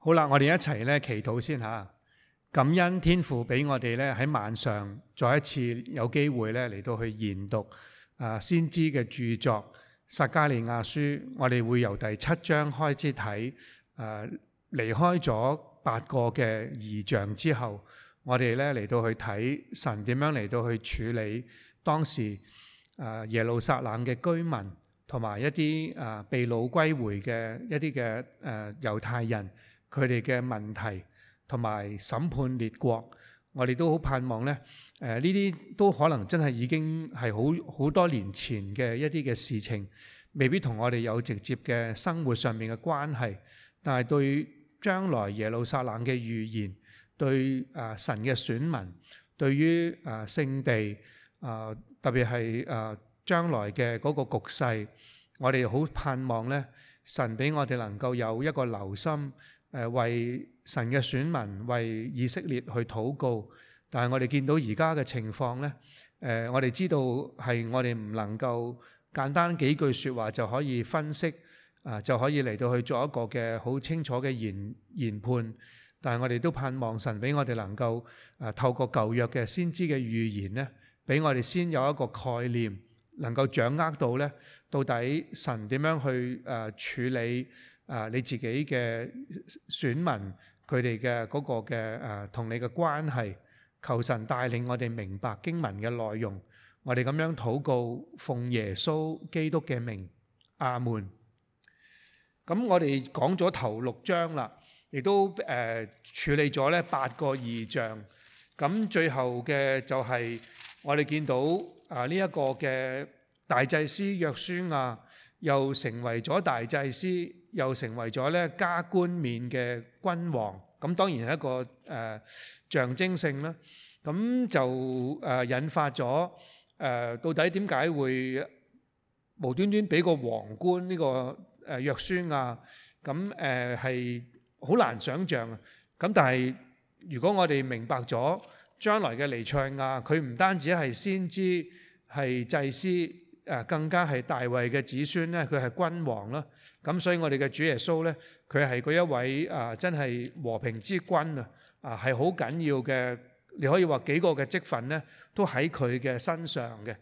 好啦，我哋一齊咧祈禱先吓，感恩天父俾我哋咧喺晚上再一次有機會咧嚟到去研讀啊先知嘅著作《撒迦利亞書》，我哋會由第七章開始睇，誒離開咗八個嘅異象之後，我哋咧嚟到去睇神點樣嚟到去處理當時誒耶路撒冷嘅居民同埋一啲誒被擄歸回嘅一啲嘅誒猶太人。佢哋嘅問題同埋審判列國，我哋都好盼望咧。誒呢啲都可能真係已經係好好多年前嘅一啲嘅事情，未必同我哋有直接嘅生活上面嘅關係。但係對將來耶路撒冷嘅預言，對誒神嘅選民，對於誒聖地誒、呃、特別係誒將來嘅嗰個局勢，我哋好盼望呢，神俾我哋能夠有一個留心。誒為神嘅選民，為以色列去禱告，但係我哋見到而家嘅情況咧，誒、呃、我哋知道係我哋唔能夠簡單幾句説話就可以分析啊、呃，就可以嚟到去做一個嘅好清楚嘅研研判。但係我哋都盼望神俾我哋能夠誒、呃、透過舊約嘅先知嘅預言咧，俾我哋先有一個概念，能夠掌握到咧，到底神點樣去誒、呃、處理？啊！你自己嘅選民，佢哋嘅嗰個嘅誒、啊、同你嘅關係，求神帶領我哋明白經文嘅內容，我哋咁樣禱告，奉耶穌基督嘅名，阿門。咁我哋講咗頭六章啦，亦都誒、呃、處理咗呢八個異象。咁最後嘅就係我哋見到啊呢一、這個嘅大祭司約書亞又成為咗大祭司。又成為咗咧加冠冕嘅君王，咁當然係一個誒象徵性啦。咁就誒引發咗誒到底點解會無端端俾個王冠呢個誒約孫啊？咁誒係好難想像。咁但係如果我哋明白咗將來嘅彌賽亞，佢唔單止係先知，係祭司，誒更加係大衛嘅子孫咧，佢係君王咯。咁所以我哋嘅主耶穌呢，佢係嗰一位啊，真係和平之君啊！啊，係好緊要嘅，你可以話幾個嘅職分呢都喺佢嘅身上嘅。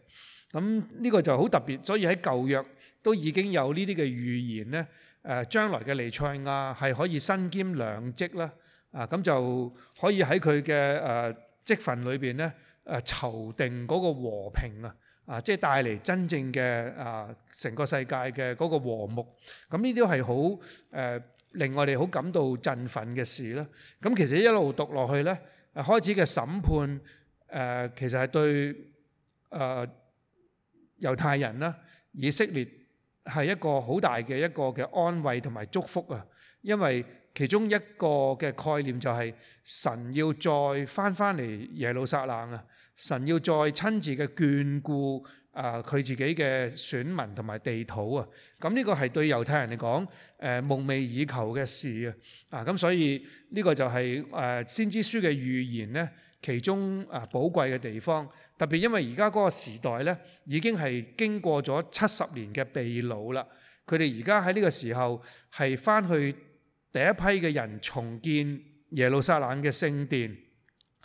咁、啊、呢、這個就好特別，所以喺舊約都已經有呢啲嘅預言呢，誒、啊，將來嘅彌賽亞係可以身兼兩職啦，啊，咁、啊、就可以喺佢嘅誒職分裏邊呢，誒、啊，籌、啊、定嗰個和平啊！啊！即係帶嚟真正嘅啊，成個世界嘅嗰個和睦，咁呢啲係好誒，令我哋好感到振奮嘅事啦。咁、啊、其實一路讀落去呢、啊，開始嘅審判誒、啊，其實係對誒、啊、猶太人啦、啊、以色列係一個好大嘅一個嘅安慰同埋祝福啊。因為其中一個嘅概念就係神要再返返嚟耶路撒冷啊。神要再親自嘅眷顧啊，佢自己嘅選民同埋地土啊，咁呢個係對猶太人嚟講，誒夢寐以求嘅事啊，啊咁所以呢個就係誒先知書嘅預言呢，其中啊寶貴嘅地方，特別因為而家嗰個時代呢，已經係經過咗七十年嘅被擄啦，佢哋而家喺呢個時候係返去第一批嘅人重建耶路撒冷嘅聖殿。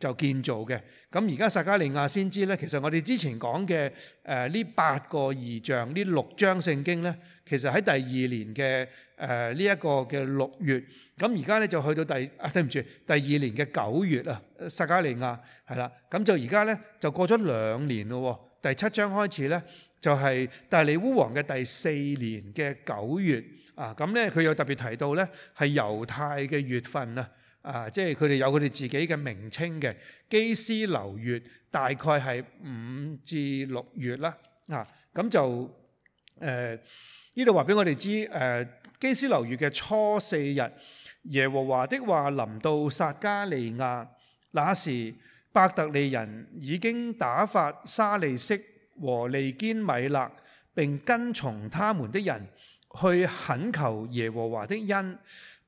就建造嘅，咁而家撒迦利亞先知咧，其實我哋之前講嘅誒呢八個異象，呢六章聖經咧，其實喺第二年嘅誒呢一個嘅六月，咁而家咧就去到第啊，對唔住，第二年嘅九月啊，撒迦利亞係啦，咁就而家咧就過咗兩年咯，第七章開始咧就係大利烏王嘅第四年嘅九月啊，咁咧佢又特別提到咧係猶太嘅月份啊。啊，即係佢哋有佢哋自己嘅名稱嘅，基斯流月大概係五至六月啦。咁、啊、就誒呢度話俾我哋知，誒、呃、基斯流月嘅初四日，耶和華的話臨到撒迦利亞，那時伯特利人已經打發沙利色和利堅米勒並跟從他們的人去懇求耶和華的恩。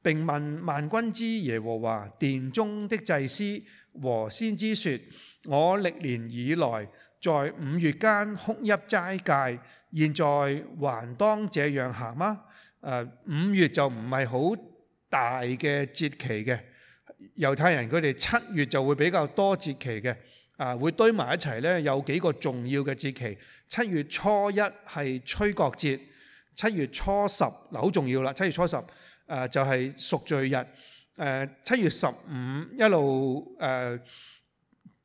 並問萬軍之耶和華殿中的祭司和先知說：我歷年以來在五月間哭泣齋戒，現在還當這樣行嗎？啊，五月就唔係好大嘅節期嘅。猶太人佢哋七月就會比較多節期嘅，啊，會堆埋一齊呢，有幾個重要嘅節期。七月初一係吹角節，七月初十，嗱好重要啦，七月初十。誒、呃、就係、是、贖罪日，誒、呃、七月十五一路誒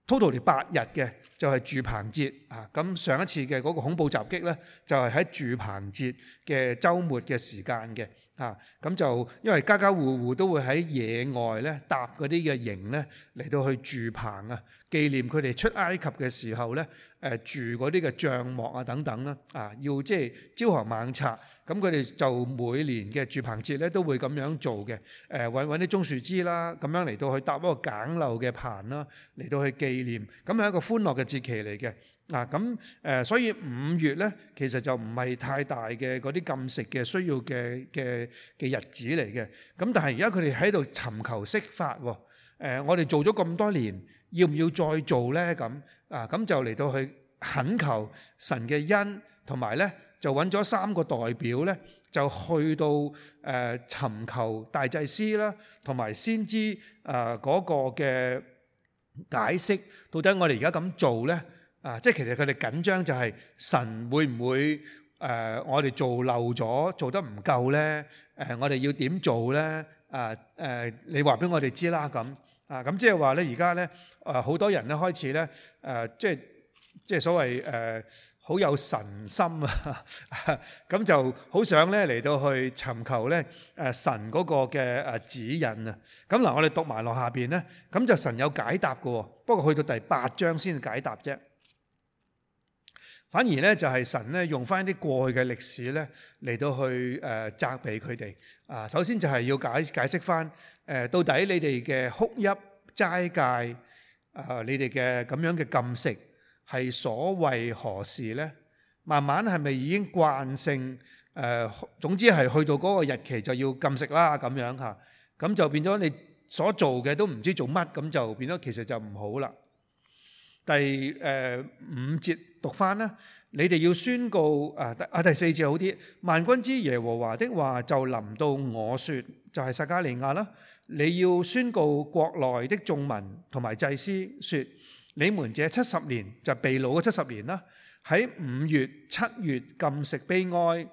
total 嚟八日嘅，就係住棚節啊！咁上一次嘅嗰個恐怖襲擊呢，就係、是、喺住棚節嘅週末嘅時間嘅。啊，咁就因為家家戶戶都會喺野外咧搭嗰啲嘅營咧嚟到去住棚啊，紀念佢哋出埃及嘅時候咧，誒、呃、住嗰啲嘅帳幕啊等等啦、啊。啊，要即係朝行晚拆，咁佢哋就每年嘅住棚節咧都會咁樣做嘅。誒、呃，揾揾啲棕樹枝啦，咁樣嚟到去搭一個簡陋嘅棚啦、啊，嚟到去紀念。咁係一個歡樂嘅節期嚟嘅。嗱咁誒，所以五月咧，其實就唔係太大嘅嗰啲禁食嘅需要嘅嘅嘅日子嚟嘅。咁但係而家佢哋喺度尋求釋法喎。誒，我哋做咗咁多年，要唔要再做咧？咁啊，咁就嚟到去懇求神嘅恩，同埋咧就搵咗三個代表咧，就去到誒尋求大祭司啦，同埋先知誒嗰個嘅解釋，到底我哋而家咁做咧？啊！即係其實佢哋緊張就係神會唔會誒我哋做漏咗，做得唔夠咧？誒我哋要點做咧？啊誒你話俾我哋知啦咁。啊咁即係話咧，而家咧誒好多人咧開始咧誒即係即係所謂誒好有神心啊！咁就好想咧嚟到去尋求咧誒神嗰個嘅誒指引啊！咁嗱，我哋讀埋落下邊咧，咁就神有解答㗎喎，不過去到第八章先解答啫。反而咧就係神咧用翻啲過去嘅歷史咧嚟到去誒責備佢哋啊，首先就係要解解釋翻誒到底你哋嘅哭泣齋戒啊，你哋嘅咁樣嘅禁食係所謂何時咧？慢慢係咪已經慣性誒？總之係去到嗰個日期就要禁食啦咁樣嚇，咁就變咗你所做嘅都唔知做乜，咁就變咗其實就唔好啦。第誒、呃、五節讀翻啦，你哋要宣告啊第啊第四節好啲。萬軍之耶和華的話就臨到我説，就係、是、撒加利亞啦。你要宣告國內的眾民同埋祭司説：你們這七十年就被擄嘅七十年啦，喺五月、七月禁食悲哀，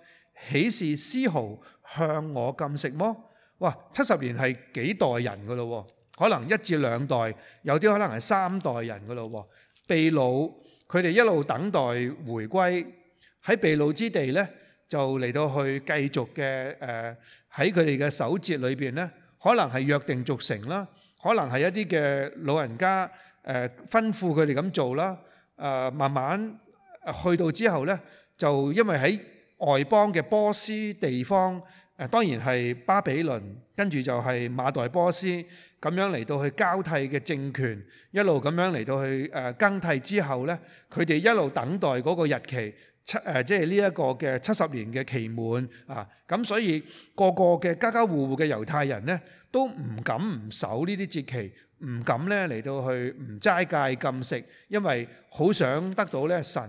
豈是絲毫向我禁食麼？哇！七十年係幾代人嘅咯喎，可能一至兩代，有啲可能係三代人嘅咯喎。被擄，佢哋一路等待回歸，喺被擄之地咧，就嚟到去繼續嘅誒，喺佢哋嘅守節裏邊咧，可能係約定俗成啦，可能係一啲嘅老人家誒吩咐佢哋咁做啦，誒慢慢去到之後咧，就因為喺外邦嘅波斯地方，誒當然係巴比倫，跟住就係馬代波斯。咁樣嚟到去交替嘅政權，一路咁樣嚟到去誒更替之後咧，佢哋一路等待嗰個日期七誒，即係呢一個嘅七十年嘅期滿啊！咁所以個個嘅家家戶戶嘅猶太人咧，都唔敢唔守呢啲節期，唔敢咧嚟到去唔齋戒禁食，因為好想得到咧神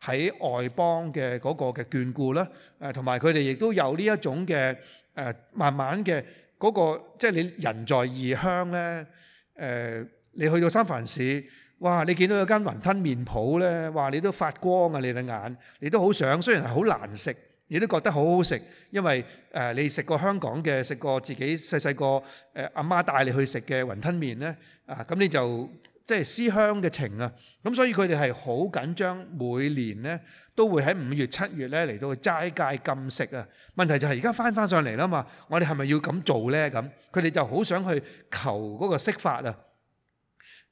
喺外邦嘅嗰個嘅眷顧啦。誒，同埋佢哋亦都有呢一種嘅誒，慢慢嘅。嗰個即係你人在異鄉咧，誒，你去到三藩市，哇！你見到有間雲吞麵鋪咧，哇！你都發光啊，你隻眼，你都好想，雖然係好難食，你都覺得好好食，因為誒，你食過香港嘅，食過自己細細個誒阿媽帶你去食嘅雲吞麵咧，啊！咁你就即係思鄉嘅情啊，咁所以佢哋係好緊張，每年咧都會喺五月、七月咧嚟到齋戒禁食啊。問題就係而家翻翻上嚟啦嘛，我哋係咪要咁做呢？咁佢哋就好想去求嗰個釋法啊。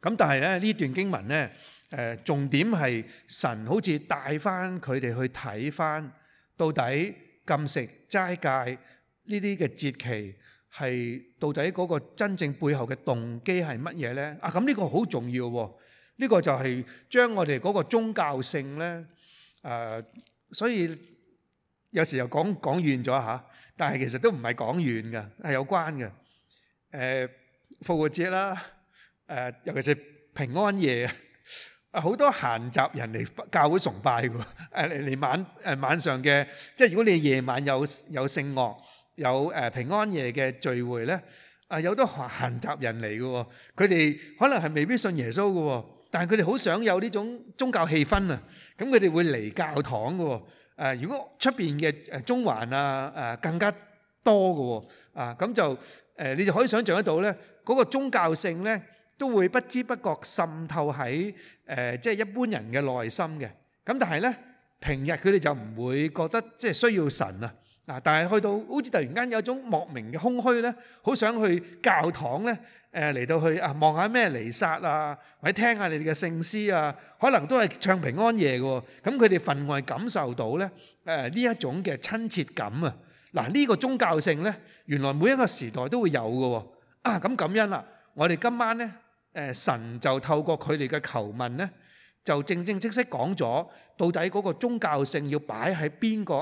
咁但係咧呢段經文呢，誒重點係神好似帶翻佢哋去睇翻到底禁食齋戒呢啲嘅節期係到底嗰個真正背後嘅動機係乜嘢呢？啊，咁呢個好重要，呢個就係將我哋嗰個宗教性呢，誒，所以。有時又講講遠咗吓，但係其實都唔係講遠嘅，係有關嘅。誒，復活節啦，誒，尤其是平安夜，好多閒雜人嚟教會崇拜喎。誒，嚟晚誒晚上嘅，即係如果你夜晚有有聖樂，有誒平安夜嘅聚會咧，啊，有好多閒雜人嚟嘅喎。佢哋可能係未必信耶穌嘅，但係佢哋好想有呢種宗教氣氛啊，咁佢哋會嚟教堂嘅喎。誒，如果出邊嘅誒中環啊，誒更加多嘅喎，啊咁就誒，你就可以想象得到咧，嗰個宗教性咧都會不知不覺滲透喺誒，即係一般人嘅內心嘅。咁但係咧，平日佢哋就唔會覺得即係需要神啊，嗱，但係去到好似突然間有一種莫名嘅空虛咧，好想去教堂咧，誒嚟到去啊，望下咩彌撒啊，或者聽下你哋嘅聖詩啊。可能都係唱平安夜嘅，咁佢哋份外感受到咧，誒呢一種嘅親切感啊！嗱，呢個宗教性咧，原來每一個時代都會有嘅。啊，咁咁樣啦！我哋今晚咧，誒神就透過佢哋嘅求問咧，就正正式式講咗到底嗰個宗教性要擺喺邊個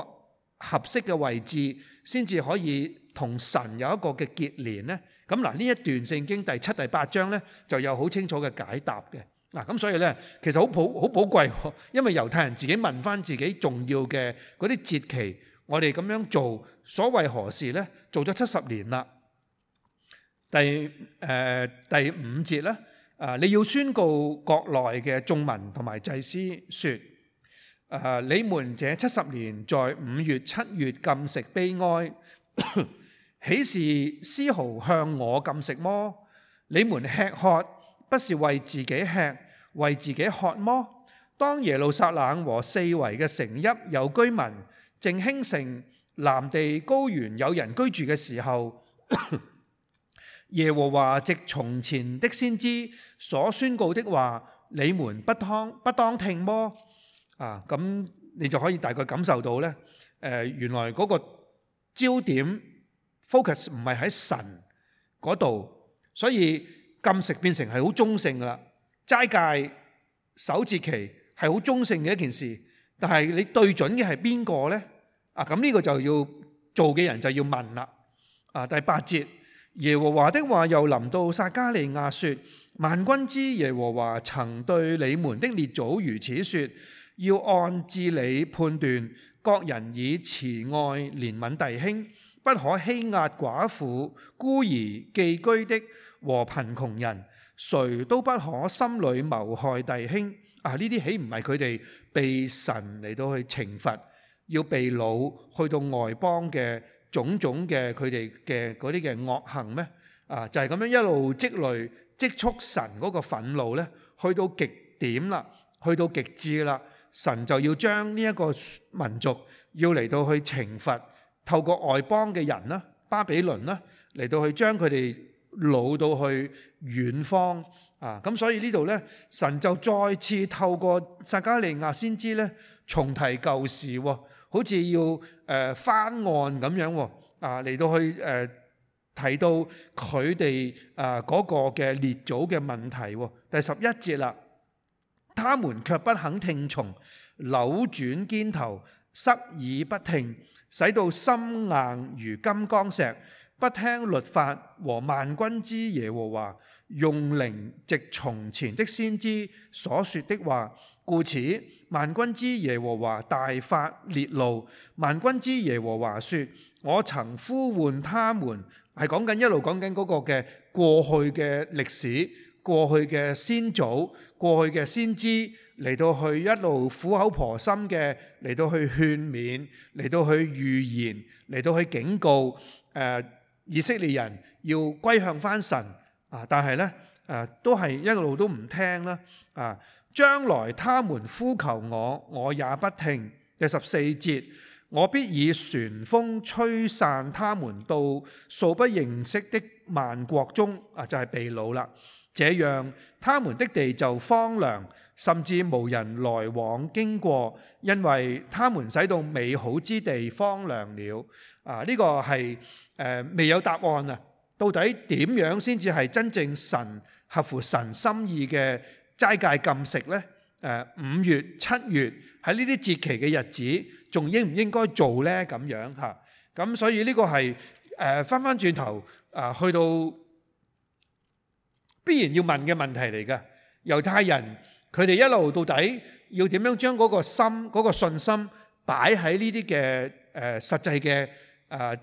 合適嘅位置，先至可以同神有一個嘅結連咧。咁嗱，呢一段聖經第七、第八章咧，就有好清楚嘅解答嘅。嗱，咁所以咧，其實好普好寶貴，因為猶太人自己問翻自己重要嘅嗰啲節期，我哋咁樣做，所謂何事咧？做咗七十年啦。第誒第五節咧，啊，你要宣告國內嘅眾民同埋祭司，説：誒，你們這七十年在五月、七月禁食悲哀，豈是絲毫向我禁食麼？你們吃喝。不是為自己吃、為自己喝麼？當耶路撒冷和四圍嘅城邑有居民，正興盛，南地高原有人居住嘅時候， 耶和華藉從前的先知所宣告的話，你們不當不當聽麼？啊，咁你就可以大概感受到呢、呃，原來嗰個焦點 focus 唔係喺神嗰度，所以。禁食變成係好中性噶啦，齋戒守節期係好中性嘅一件事，但係你對準嘅係邊個呢？啊，咁呢個就要做嘅人就要問啦。啊，第八節，耶和華的話又臨到撒迦利亞說：萬軍之耶和華曾對你們的列祖如此說，要按治理判斷，各人以慈愛憐憫弟兄，不可欺壓寡婦、孤兒、寄居的。和貧窮人，誰都不可心裏謀害弟兄。啊！呢啲豈唔係佢哋被神嚟到去懲罰，要被擄去到外邦嘅種種嘅佢哋嘅嗰啲嘅惡行咩？啊！就係咁樣一路積累積蓄神嗰個憤怒呢，去到極點啦，去到極致啦，神就要將呢一個民族要嚟到去懲罰，透過外邦嘅人啦、巴比倫啦嚟到去將佢哋。老到去遠方啊！咁所以呢度呢，神就再次透過撒迦利亞先知呢，重提舊事喎、哦，好似要誒、呃、翻案咁樣喎、哦，啊嚟到去誒、呃、提到佢哋啊嗰個嘅列祖嘅問題、哦，第十一節啦，他們卻不肯聽從，扭轉肩頭，塞耳不聽，使到心硬如金剛石。不聽律法和萬軍之耶和華用靈藉從前的先知所說的話，故此萬軍之耶和華大發烈怒。萬軍之耶和華說：我曾呼喚他們，係講緊一路講緊嗰個嘅過去嘅歷史、過去嘅先祖、過去嘅先知嚟到去一路苦口婆心嘅嚟到去勸勉、嚟到去預言、嚟到去警告。呃以色列人要歸向翻神啊，但係呢，都係一路都唔聽啦啊！將來他們呼求我，我也不聽。第十四節，我必以旋風吹散他們到素不認識的萬國中啊，就係被擄啦。這樣他們的地就荒涼，甚至無人來往經過，因為他們使到美好之地荒涼了。啊！呢、這個係誒、呃、未有答案啊！到底點樣先至係真正神合乎神心意嘅齋戒禁食呢？誒、呃、五月、七月喺呢啲節期嘅日子，仲應唔應該做呢？咁樣嚇，咁、啊、所以呢個係誒翻翻轉頭啊、呃，去到必然要問嘅問題嚟嘅。猶太人佢哋一路到底要點樣將嗰個心、嗰、嗰個信心擺喺呢啲嘅誒實際嘅？誒、呃，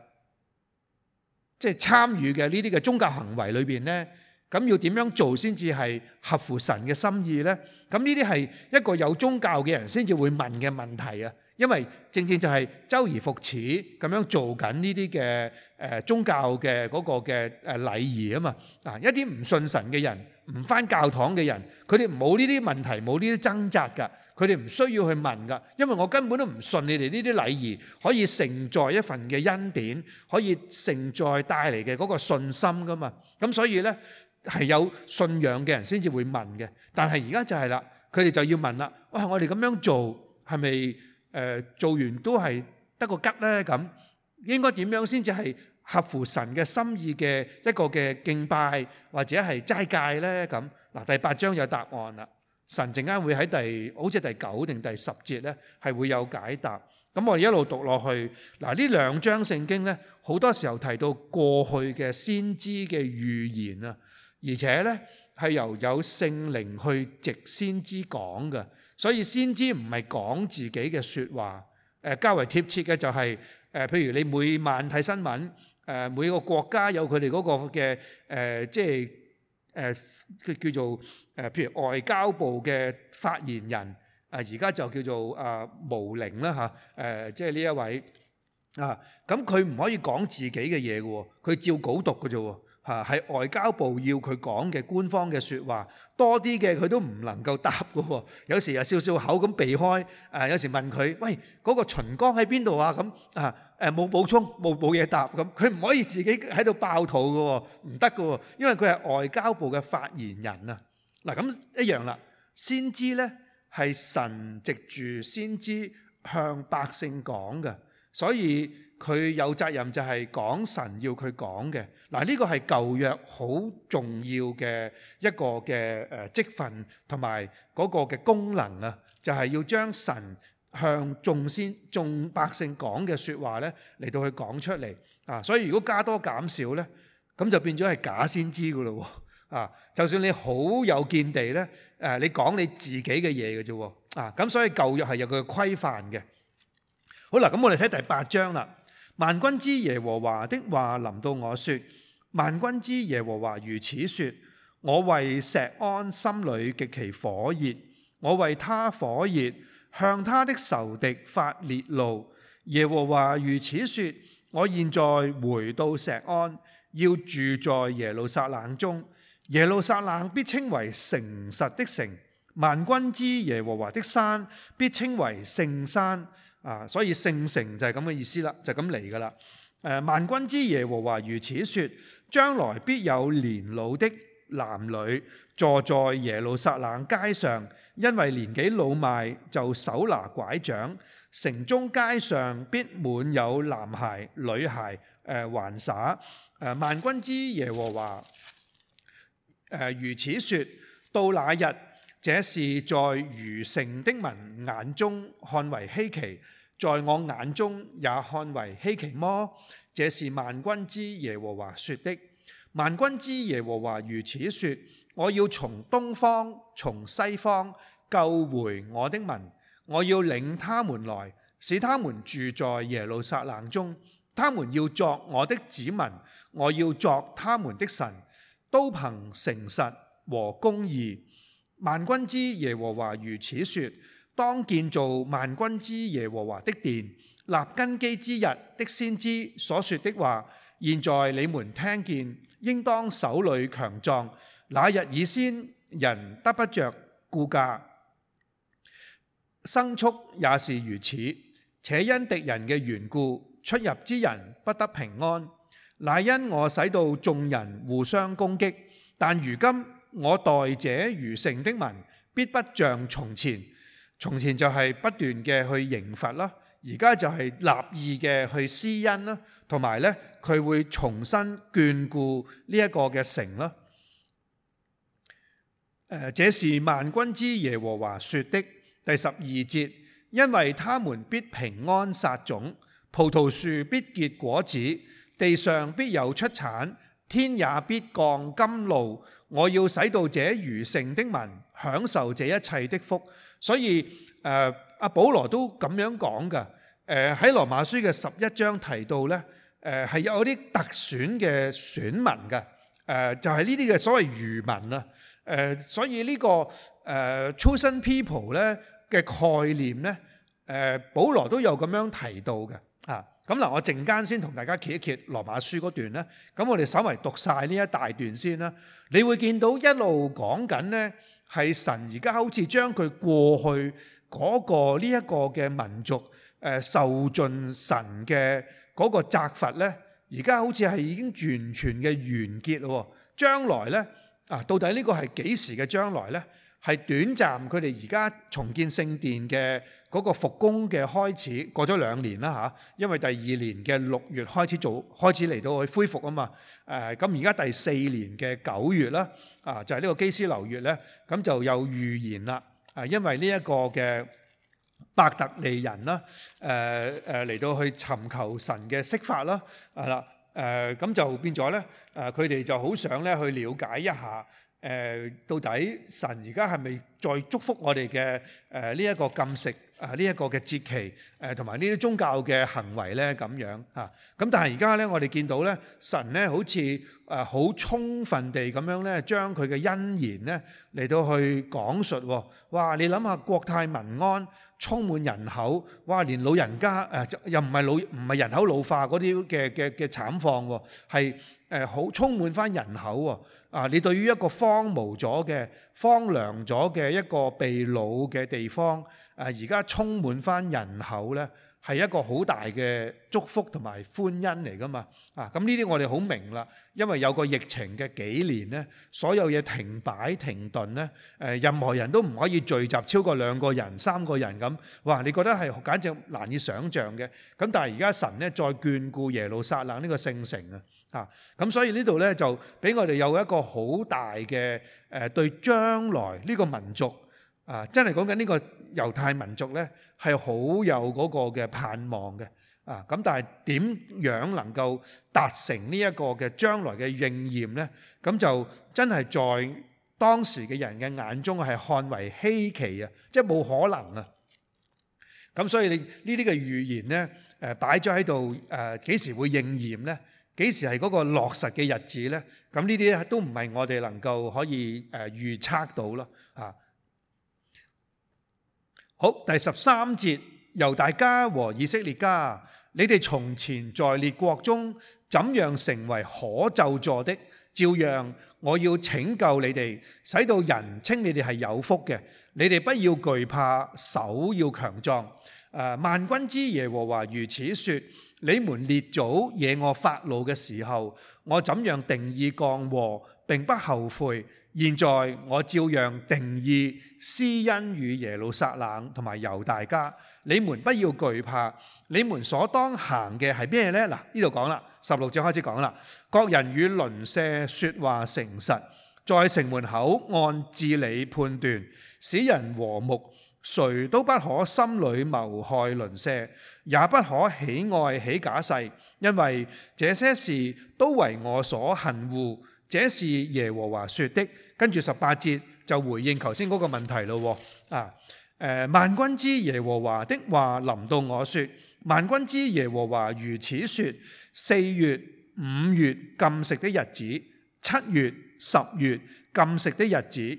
即係參與嘅呢啲嘅宗教行為裏邊呢，咁要點樣做先至係合乎神嘅心意呢？咁呢啲係一個有宗教嘅人先至會問嘅問題啊，因為正正就係周而復始咁樣做緊呢啲嘅誒宗教嘅嗰個嘅誒禮儀啊嘛，啊，一啲唔信神嘅人，唔返教堂嘅人，佢哋冇呢啲問題，冇呢啲掙扎嘅。佢哋唔需要去問㗎，因為我根本都唔信你哋呢啲禮儀可以承載一份嘅恩典，可以承載帶嚟嘅嗰個信心㗎嘛。咁所以呢係有信仰嘅人先至會問嘅。但係而家就係啦，佢哋就要問啦。哇！我哋咁樣做係咪誒做完都係得個吉呢？咁應該點樣先至係合乎神嘅心意嘅一個嘅敬拜或者係齋戒呢？咁嗱，第八章有答案啦。神陣間會喺第好似第九定第十節呢，係會有解答。咁我哋一路讀落去，嗱呢兩章聖經呢，好多時候提到過去嘅先知嘅預言啊，而且呢係由有聖靈去藉先知講嘅，所以先知唔係講自己嘅說話。誒較為貼切嘅就係誒，譬如你每晚睇新聞，每個國家有佢哋嗰個嘅誒即係。誒叫、呃、叫做誒、呃，譬如外交部嘅發言人，誒而家就叫做、呃、啊毛寧啦吓，誒、呃、即係呢一位啊，咁佢唔可以講自己嘅嘢嘅喎，佢照稿讀嘅啫喎，嚇、啊、係外交部要佢講嘅官方嘅説話多啲嘅，佢都唔能夠答嘅喎、啊，有時又笑笑口咁避開，誒、啊、有時問佢喂嗰個秦剛喺邊度啊咁啊。啊。誒冇補充，冇冇嘢答咁，佢唔可以自己喺度爆肚嘅喎，唔得嘅喎，因為佢係外交部嘅發言人啊。嗱咁一樣啦，先知呢係神藉住先知向百姓講嘅，所以佢有責任就係講神要佢講嘅。嗱呢個係舊約好重要嘅一個嘅誒職份同埋嗰個嘅功能啊，就係要將神。向眾先眾百姓講嘅説話咧，嚟到去講出嚟啊！所以如果加多減少呢，咁就變咗係假先知噶啦喎啊！就算你好有見地呢，誒你講你自己嘅嘢嘅啫喎啊！咁所以舊約係有佢嘅規範嘅。好啦，咁我哋睇第八章啦。萬軍之耶和華的話臨到我説：萬軍之耶和華如此説：我為錫安心裏極其火熱，我為他火熱。向他的仇敵發烈怒，耶和華如此說：我現在回到錫安，要住在耶路撒冷中。耶路撒冷必稱為誠實的城，萬軍之耶和華的山必稱為聖山。啊，所以聖城就係咁嘅意思啦，就咁嚟噶啦。誒、啊，萬軍之耶和華如此說：將來必有年老的男女坐在耶路撒冷街上。因為年紀老邁，就手拿拐杖。城中街上必滿有男孩、女孩，誒、呃、玩耍。誒、啊、萬軍之耶和華、啊，如此說：到那日，這是在餘剩的民眼中看為稀奇，在我眼中也看為稀奇麼？這是萬軍之耶和華說的。萬軍之耶和華如此說。我要從東方，從西方救回我的民，我要領他們來，使他們住在耶路撒冷中。他們要作我的子民，我要作他們的神。都憑誠實和公義。萬軍之耶和華如此說：當建造萬軍之耶和華的殿，立根基之日的先知所說的話，現在你們聽見，應當手裏強壯。那日以先，人得不着雇價，牲畜也是如此，且因敵人嘅緣故，出入之人不得平安。乃因我使到眾人互相攻擊，但如今我待這餘剩的民，必不像從前。從前就係不斷嘅去刑罰啦，而家就係立意嘅去施恩啦，同埋咧佢會重新眷顧呢一個嘅城啦。誒，這是萬軍之耶和華說的第十二節，因為他們必平安撒種，葡萄樹必結果子，地上必有出產，天也必降甘露，我要使到這餘剩的民享受這一切的福。所以誒，阿、啊、保羅都咁樣講噶。誒、呃、喺羅馬書嘅十一章提到呢，誒、呃、係有啲特選嘅選民嘅，誒、呃、就係呢啲嘅所謂餘民啊。誒、呃，所以呢、這個誒、呃、chosen people 咧嘅概念咧，誒、呃、保羅都有咁樣提到嘅嚇。咁、啊、嗱、啊，我陣間先同大家揭一揭羅馬書嗰段咧。咁我哋稍微讀晒呢一大段先啦。你會見到一路講緊咧，係神而家好似將佢過去嗰個呢一個嘅民族誒、呃、受盡神嘅嗰個責罰咧，而家好似係已經完全嘅完結咯。將來咧。啊！到底呢個係幾時嘅將來呢？係短暫，佢哋而家重建聖殿嘅嗰個復工嘅開始，過咗兩年啦嚇。因為第二年嘅六月開始做，開始嚟到去恢復啊嘛。誒咁而家第四年嘅九月啦，啊就係、是、呢個基斯流月呢。咁、啊、就有預言啦。啊，因為呢一個嘅伯特利人啦，嚟、啊啊、到去尋求神嘅釋法啦，啦、啊。誒咁、呃、就變咗呢，誒佢哋就好想呢去了解一下，誒、呃、到底神而家係咪再祝福我哋嘅誒呢一個禁食啊，呢、這、一個嘅節期誒，同埋呢啲宗教嘅行為咧咁樣嚇。咁、啊、但係而家咧，我哋見到咧，神咧好似誒、呃、好充分地咁樣咧，將佢嘅恩言咧嚟到去講述、哦。哇！你諗下國泰民安，充滿人口。哇！連老人家誒、呃、又唔係老唔係人口老化嗰啲嘅嘅嘅慘況，係誒、哦呃、好充滿翻人口喎、哦。啊！你對於一個荒蕪咗嘅～荒涼咗嘅一個被擄嘅地方，而家充滿翻人口呢，係一個好大嘅祝福同埋歡欣嚟噶嘛，啊咁呢啲我哋好明啦，因為有個疫情嘅幾年呢，所有嘢停擺停頓呢，任何人都唔可以聚集超過兩個人、三個人咁，哇！你覺得係簡直難以想像嘅，咁但係而家神呢，再眷顧耶路撒冷呢個聖城啊！啊，咁所以呢度呢就俾我哋有一個好大嘅誒對將來呢個民族啊，真係講緊呢個猶太民族呢，係好有嗰個嘅盼望嘅啊。咁但係點樣能夠達成呢一個嘅將來嘅應驗呢？咁就真係在當時嘅人嘅眼中係看為稀奇啊，即係冇可能啊。咁所以你呢啲嘅預言呢，誒擺咗喺度，誒幾時會應驗呢？幾時係嗰個落實嘅日子呢？咁呢啲都唔係我哋能夠可以預測到咯。啊，好，第十三節，猶大家和以色列家，你哋從前在列國中怎樣成為可咒詛的，照樣我要拯救你哋，使到人稱你哋係有福嘅。你哋不要懼怕，手要強壯。誒，萬軍之耶和華如此說。你們列祖惹我發怒嘅時候，我怎樣定義降禍並不後悔。現在我照樣定義施恩與耶路撒冷同埋猶大家。你們不要懼怕。你們所當行嘅係咩呢？嗱，呢度講啦，十六節開始講啦。各人與鄰舍說話誠實，在城門口按治理判斷，使人和睦。誰都不可心裏謀害鄰舍，也不可喜愛起假誓，因為這些事都為我所恨惡。這是耶和華說的。跟住十八節就回應頭先嗰個問題咯。啊，萬軍之耶和華的話臨到我說，萬軍之耶和華如此說：四月、五月禁食的日子，七月、十月禁食的日子，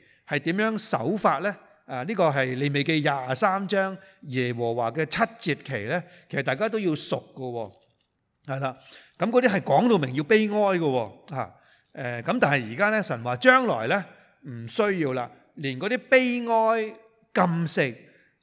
係點樣守法呢？啊，呢、呢個係利未記廿三章耶和華嘅七節期呢，其實大家都要熟嘅喎。係啦，咁嗰啲係講到明要悲哀嘅喎。嚇，咁，但係而家呢，神話將來呢，唔需要啦。連嗰啲悲哀禁食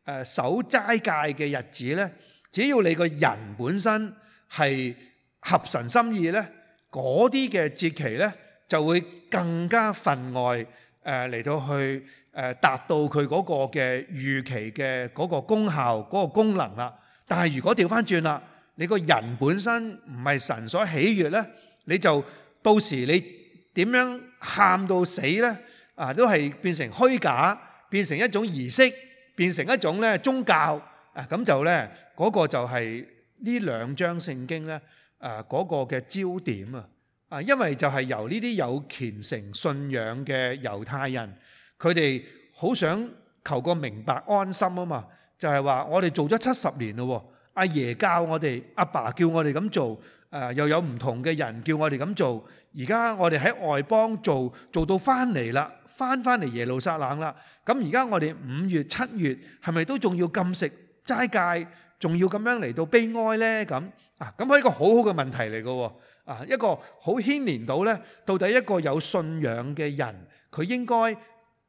誒守齋戒嘅日子呢，只要你個人本身係合神心意呢，嗰啲嘅節期呢，就會更加分外。誒，嚟到去誒達到佢嗰個嘅預期嘅嗰個功效嗰個功能啦，但係如果調翻轉啦，你個人本身唔係神所喜悅咧，你就到時你點樣喊到死咧啊，都係變成虛假，變成一種儀式，變成一種咧宗教啊，咁就咧嗰個就係呢兩章聖經咧啊嗰個嘅焦點啊。啊，因為就係由呢啲有虔誠信仰嘅猶太人，佢哋好想求個明白安心啊嘛。就係話我哋做咗七十年咯，阿爺教我哋，阿爸叫我哋咁做，誒又有唔同嘅人叫我哋咁做。而家我哋喺外邦做做到翻嚟啦，翻翻嚟耶路撒冷啦。咁而家我哋五月七月係咪都仲要禁食齋戒，仲要咁樣嚟到悲哀呢？咁啊，咁係一個好好嘅問題嚟嘅。啊，一個好牽連到咧，到底一個有信仰嘅人，佢應該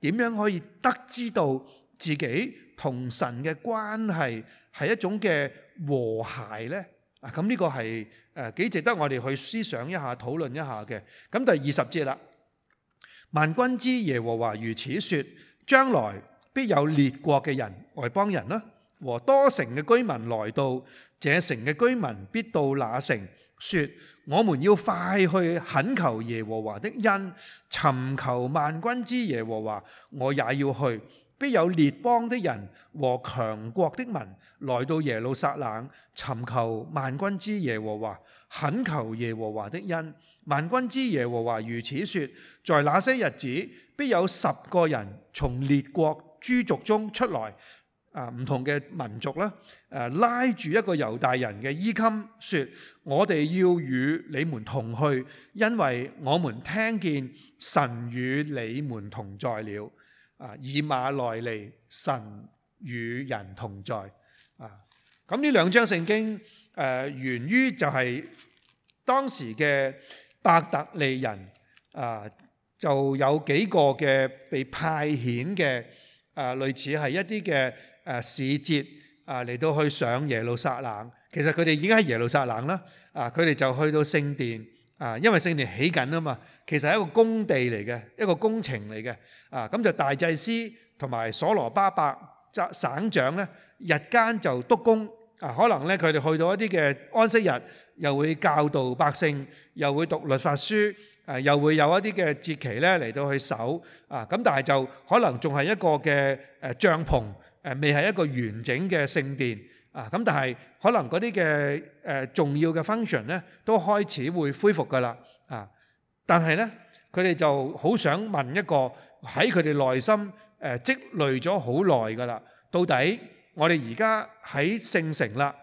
點樣可以得知道自己同神嘅關係係一種嘅和諧咧？啊，咁呢個係誒幾值得我哋去思想一下、討論一下嘅。咁第二十節啦，萬軍之耶和華如此説：將來必有列國嘅人、外邦人啦，和多城嘅居民來到。這城嘅居民必到那城。説我們要快去懇求耶和華的恩，尋求萬軍之耶和華。我也要去。必有列邦的人和強國的民來到耶路撒冷，尋求萬軍之耶和華，懇求耶和華的恩。萬軍之耶和華如此説：在那些日子，必有十個人從列國諸族中出來。啊，唔同嘅民族啦，誒、啊、拉住一個猶大人嘅衣襟，説：我哋要與你們同去，因為我們聽見神與你們同在了。啊，以馬內利，神與人同在。啊，咁呢兩章聖經誒、啊、源於就係當時嘅伯特利人啊，就有幾個嘅被派遣嘅誒、啊，類似係一啲嘅。誒時節啊，嚟到去上耶路撒冷，其實佢哋已經喺耶路撒冷啦。啊，佢哋就去到聖殿啊，因為聖殿起緊啊嘛，其實係一個工地嚟嘅，一個工程嚟嘅。啊，咁就大祭司同埋所羅巴伯則省長咧，日間就督工啊。可能咧，佢哋去到一啲嘅安息日，又會教導百姓，又會讀律法書，誒，又會有一啲嘅節期咧嚟到去守啊。咁但係就可能仲係一個嘅誒帳篷。誒未係一個完整嘅聖殿啊！咁但係可能嗰啲嘅誒重要嘅 function 咧，都開始會恢復噶啦啊！但係咧，佢哋就好想問一個喺佢哋內心誒積累咗好耐噶啦，到底我哋而家喺聖城啦，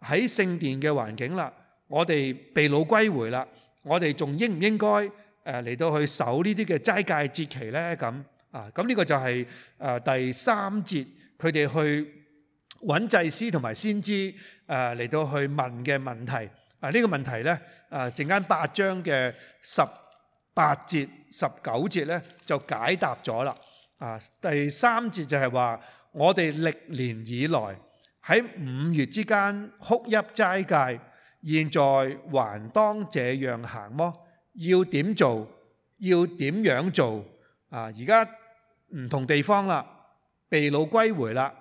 喺聖殿嘅環境啦，我哋被擄歸回啦，我哋仲應唔應該誒嚟到去守呢啲嘅齋戒節期咧？咁啊，咁呢個就係誒第三節。佢哋去揾祭司同埋先知，誒嚟到去問嘅問題，啊呢個問題咧，誒陣間八章嘅十八節、十九節咧就解答咗啦。啊，第三節就係話：我哋歷年以來喺五月之間哭泣齋戒，現在還當這樣行麼？要點做？要點樣做？啊，而家唔同地方啦。被擄歸回啦，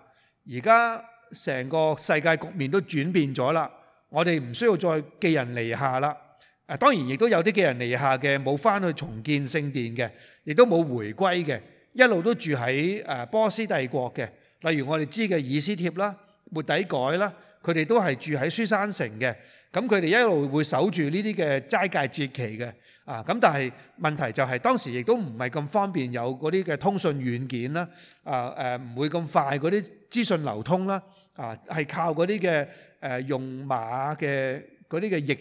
而家成個世界局面都轉變咗啦。我哋唔需要再寄人籬下啦。誒，當然亦都有啲寄人籬下嘅，冇返去重建聖殿嘅，亦都冇回歸嘅，一路都住喺誒波斯帝國嘅。例如我哋知嘅以斯帖啦、末底改啦，佢哋都係住喺書珊城嘅。咁佢哋一路會守住呢啲嘅齋戒節期嘅。啊，咁但係問題就係當時亦都唔係咁方便有嗰啲嘅通訊軟件啦，啊誒唔會咁快嗰啲資訊流通啦，啊係靠嗰啲嘅誒用馬嘅嗰啲嘅驛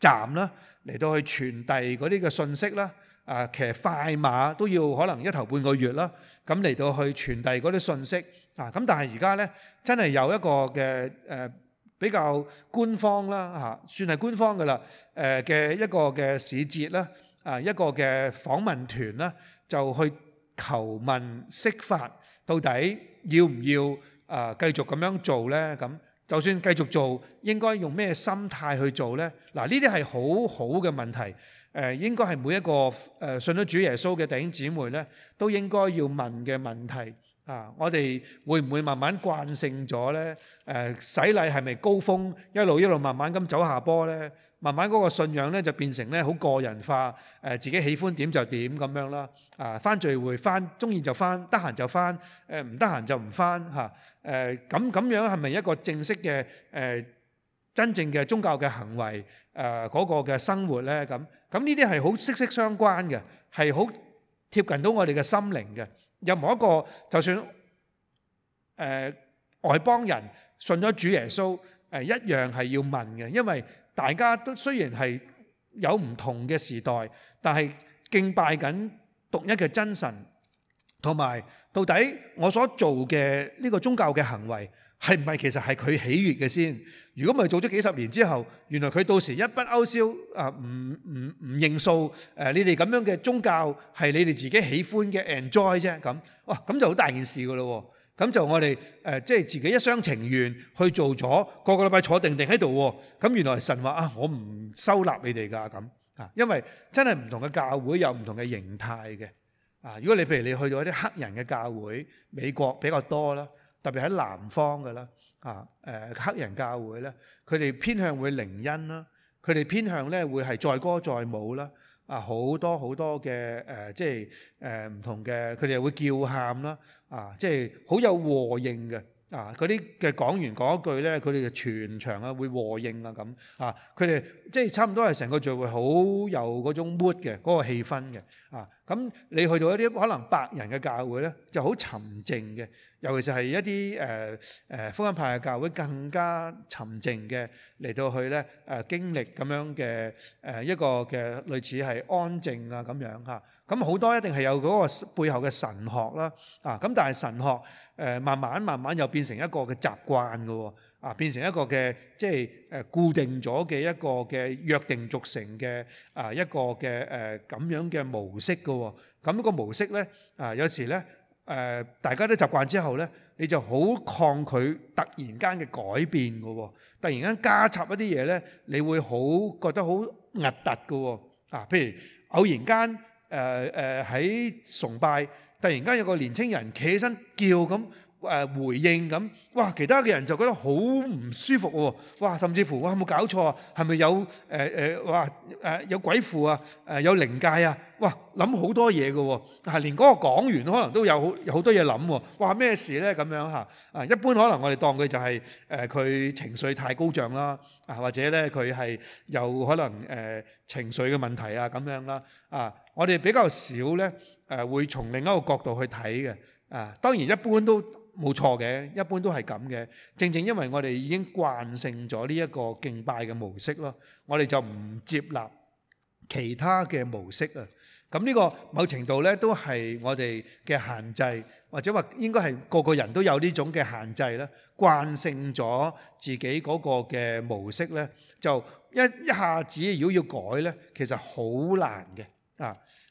站啦，嚟到去傳遞嗰啲嘅信息啦，啊其實快馬都要可能一頭半個月啦，咁嚟到去傳遞嗰啲信息，啊咁但係而家呢真係有一個嘅誒。比較官方啦嚇，算係官方㗎啦，誒嘅一個嘅使節啦，啊一個嘅訪問團啦，就去求問釋法，到底要唔要啊繼續咁樣做呢？咁就算繼續做，應該用咩心態去做呢？嗱，呢啲係好好嘅問題，誒應該係每一個誒信咗主耶穌嘅弟兄姊妹呢，都應該要問嘅問題啊！我哋會唔會慢慢慣性咗呢？誒洗禮係咪高峰一路一路慢慢咁走下坡呢？慢慢嗰個信仰呢就變成呢好個人化，誒自己喜歡點就點咁樣啦。啊，翻聚會翻，中意就翻，得閒就翻，誒唔得閒就唔翻吓。誒咁咁樣係咪一個正式嘅誒真正嘅宗教嘅行為？誒嗰個嘅生活呢咁咁呢啲係好息息相關嘅，係好貼近到我哋嘅心靈嘅。任何一個就算誒外邦人。信咗主耶穌，誒一樣係要問嘅，因為大家都雖然係有唔同嘅時代，但係敬拜緊獨一嘅真神，同埋到底我所做嘅呢個宗教嘅行為係唔係其實係佢喜悅嘅先？如果唔係做咗幾十年之後，原來佢到時一筆勾銷啊，唔唔唔認數誒，你哋咁樣嘅宗教係你哋自己喜歡嘅 enjoy 啫，咁哇咁就好大件事噶咯喎！咁就我哋、呃、即係自己一廂情願去做咗個個禮拜坐定定喺度喎，咁、啊、原來神話啊，我唔收納你哋噶咁啊，因為真係唔同嘅教會有唔同嘅形態嘅啊。如果你譬如你去到一啲黑人嘅教會，美國比較多啦，特別喺南方嘅啦啊、呃，黑人教會咧，佢哋偏向會靈恩啦，佢哋偏向咧會係載歌載舞啦。啊，好多好多嘅誒、呃，即係誒唔同嘅，佢哋會叫喊啦，啊，即係好有和應嘅。啊！嗰啲嘅講員講一句咧，佢哋就全場啊會和應啊咁啊！佢哋即係差唔多係成個聚會好有嗰種 mood 嘅嗰個氣氛嘅啊！咁你去到一啲可能白人嘅教會咧，就好沉靜嘅，尤其是係一啲誒誒福音派嘅教會更加沉靜嘅，嚟到去咧誒、呃、經歷咁樣嘅誒、呃、一個嘅類似係安靜啊咁樣嚇。咁、啊、好多一定係有嗰個背後嘅神學啦啊！咁但係神學。啊但係神學誒慢慢慢慢又變成一個嘅習慣嘅喎，啊變成一個嘅即係誒固定咗嘅一個嘅約定俗成嘅啊一個嘅誒咁樣嘅模式嘅喎，咁個模式咧啊有時咧誒大家都習慣之後咧，你就好抗拒突然間嘅改變嘅喎，突然間加插一啲嘢咧，你會好覺得好核突嘅喎，啊譬如偶然間誒誒喺崇拜。突然間有個年青人企起身叫咁誒回應咁，哇！其他嘅人就覺得好唔舒服喎，哇！甚至乎我有冇搞錯啊？係咪有誒誒？哇！誒有鬼附啊！誒有靈界啊！哇！諗好多嘢㗎喎，啊！連嗰個講員可能都有好好多嘢諗喎，哇咩事咧？咁樣吓？啊！一般可能我哋當佢就係誒佢情緒太高漲啦，啊或者咧佢係有可能誒情緒嘅問題啊咁樣啦，啊我哋比較少咧。誒會從另一個角度去睇嘅，啊，當然一般都冇錯嘅，一般都係咁嘅。正正因為我哋已經慣性咗呢一個敬拜嘅模式咯，我哋就唔接納其他嘅模式啊。咁呢個某程度呢都係我哋嘅限制，或者話應該係個個人都有呢種嘅限制啦。慣性咗自己嗰個嘅模式呢，就一一下子如果要改呢，其實好難嘅啊。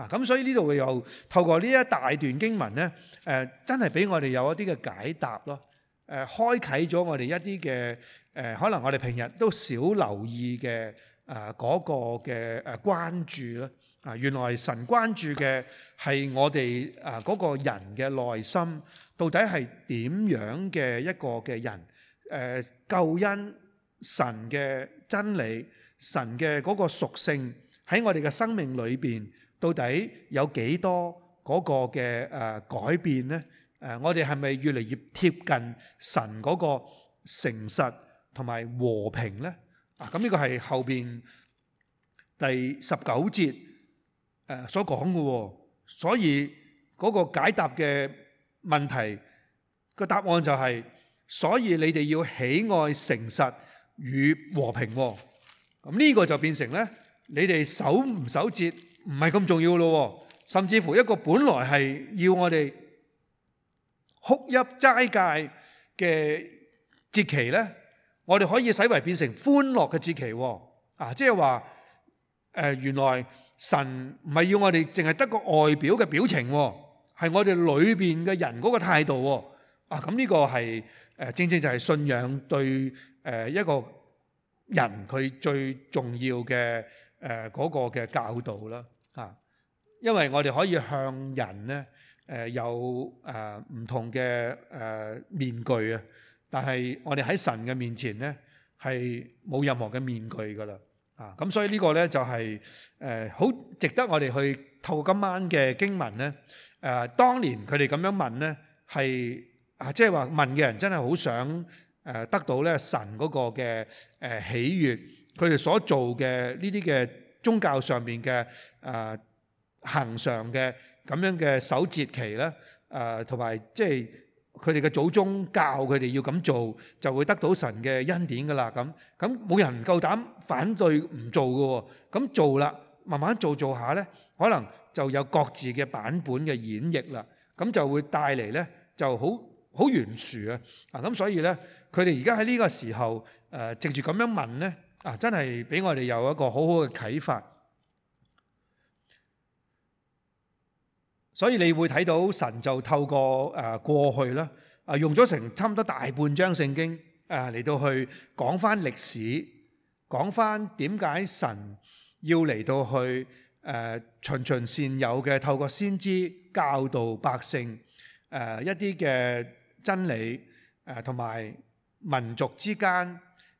啊！咁所以呢度嘅又透過呢一大段經文咧，誒真係俾我哋有一啲嘅解答咯。誒開啟咗我哋一啲嘅誒，可能我哋平日都少留意嘅啊嗰個嘅誒關注咯。啊，原來神關注嘅係我哋啊嗰個人嘅內心，到底係點樣嘅一個嘅人？誒救恩、神嘅真理、神嘅嗰個屬性喺我哋嘅生命裏邊。到底有幾多嗰個嘅誒改變呢？誒，我哋係咪越嚟越貼近神嗰個誠實同埋和平呢？啊，咁呢個係後邊第十九節誒所講嘅喎。所以嗰個解答嘅問題個答案就係：所以你哋要喜愛誠實與和平喎。咁呢個就變成呢，你哋守唔守節？唔係咁重要咯，甚至乎一個本來係要我哋哭泣齋戒嘅節期呢，我哋可以使為變成歡樂嘅節期喎。啊，即係話誒，原來神唔係要我哋淨係得個外表嘅表情，係我哋裏邊嘅人嗰個態度。啊，咁、這、呢個係誒、呃、正正就係信仰對誒、呃、一個人佢最重要嘅。誒嗰個嘅教導啦，嚇，因為我哋可以向人咧，誒有誒唔同嘅誒面具啊，但係我哋喺神嘅面前咧，係冇任何嘅面具噶啦，啊，咁所以呢個咧就係誒好值得我哋去透過今晚嘅經文咧，誒當年佢哋咁樣問咧，係啊，即係話問嘅人真係好想誒得到咧神嗰個嘅誒喜悅。佢哋所做嘅呢啲嘅宗教上面嘅啊恆常嘅咁樣嘅守節期咧，啊同埋即係佢哋嘅祖宗教佢哋要咁做，就會得到神嘅恩典噶啦。咁咁冇人唔夠膽反對唔做嘅喎。咁做啦，慢慢做做下咧，可能就有各自嘅版本嘅演繹啦。咁就會帶嚟咧，就好好懸殊啊。啊咁，所以咧，佢哋而家喺呢個時候，誒藉住咁樣問咧。啊！真係俾我哋有一個很好好嘅啟發，所以你會睇到神就透過誒、呃、過去啦，啊用咗成差唔多大半張聖經啊嚟到去講返歷史，講返點解神要嚟到去誒、啊、循循善誘嘅，透過先知教導百姓誒、啊、一啲嘅真理誒同埋民族之間。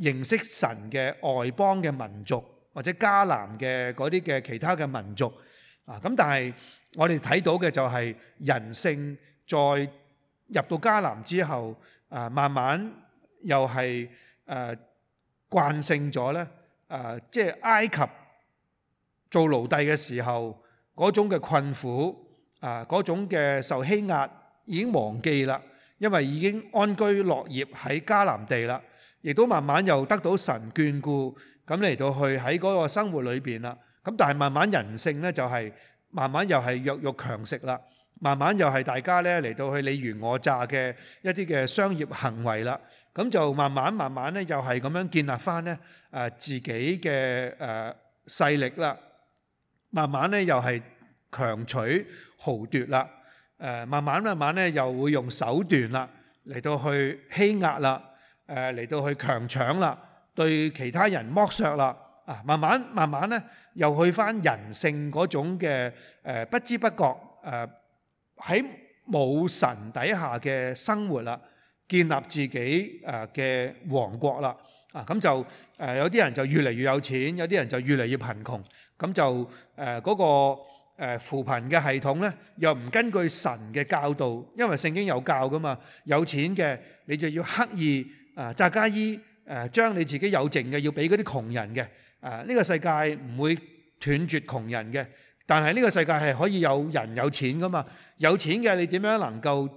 認識神嘅外邦嘅民族，或者迦南嘅嗰啲嘅其他嘅民族啊，咁但係我哋睇到嘅就係人性再入到迦南之後啊，慢慢又係誒慣性咗呢，誒即係埃及做奴隸嘅時候嗰種嘅困苦啊，嗰種嘅受欺壓已經忘記啦，因為已經安居樂業喺迦南地啦。亦都慢慢又得到神眷顧，咁嚟到去喺嗰個生活裏邊啦。咁但係慢慢人性咧，就係慢慢又係弱肉強食啦。慢慢又係大家咧嚟到去你虞我詐嘅一啲嘅商業行為啦。咁就慢慢慢慢咧，又係咁樣建立翻咧誒自己嘅誒勢力啦。慢慢咧又係強取豪奪啦。誒慢慢慢慢咧又會用手段啦嚟到去欺壓啦。誒嚟到去強搶啦，對其他人剝削啦，啊，慢慢慢慢咧，又去翻人性嗰種嘅誒不知不覺誒喺冇神底下嘅生活啦，建立自己誒嘅王國啦，啊，咁就誒有啲人就越嚟越有錢，有啲人就越嚟越貧窮，咁就誒嗰個誒扶貧嘅系統咧，又唔根據神嘅教導，因為聖經有教噶嘛，有錢嘅你就要刻意。啊，扎加依誒，將你自己有剩嘅要俾嗰啲窮人嘅。啊，呢個世界唔會斷絕窮人嘅，但係呢個世界係可以有人有錢噶嘛？有錢嘅你點樣能夠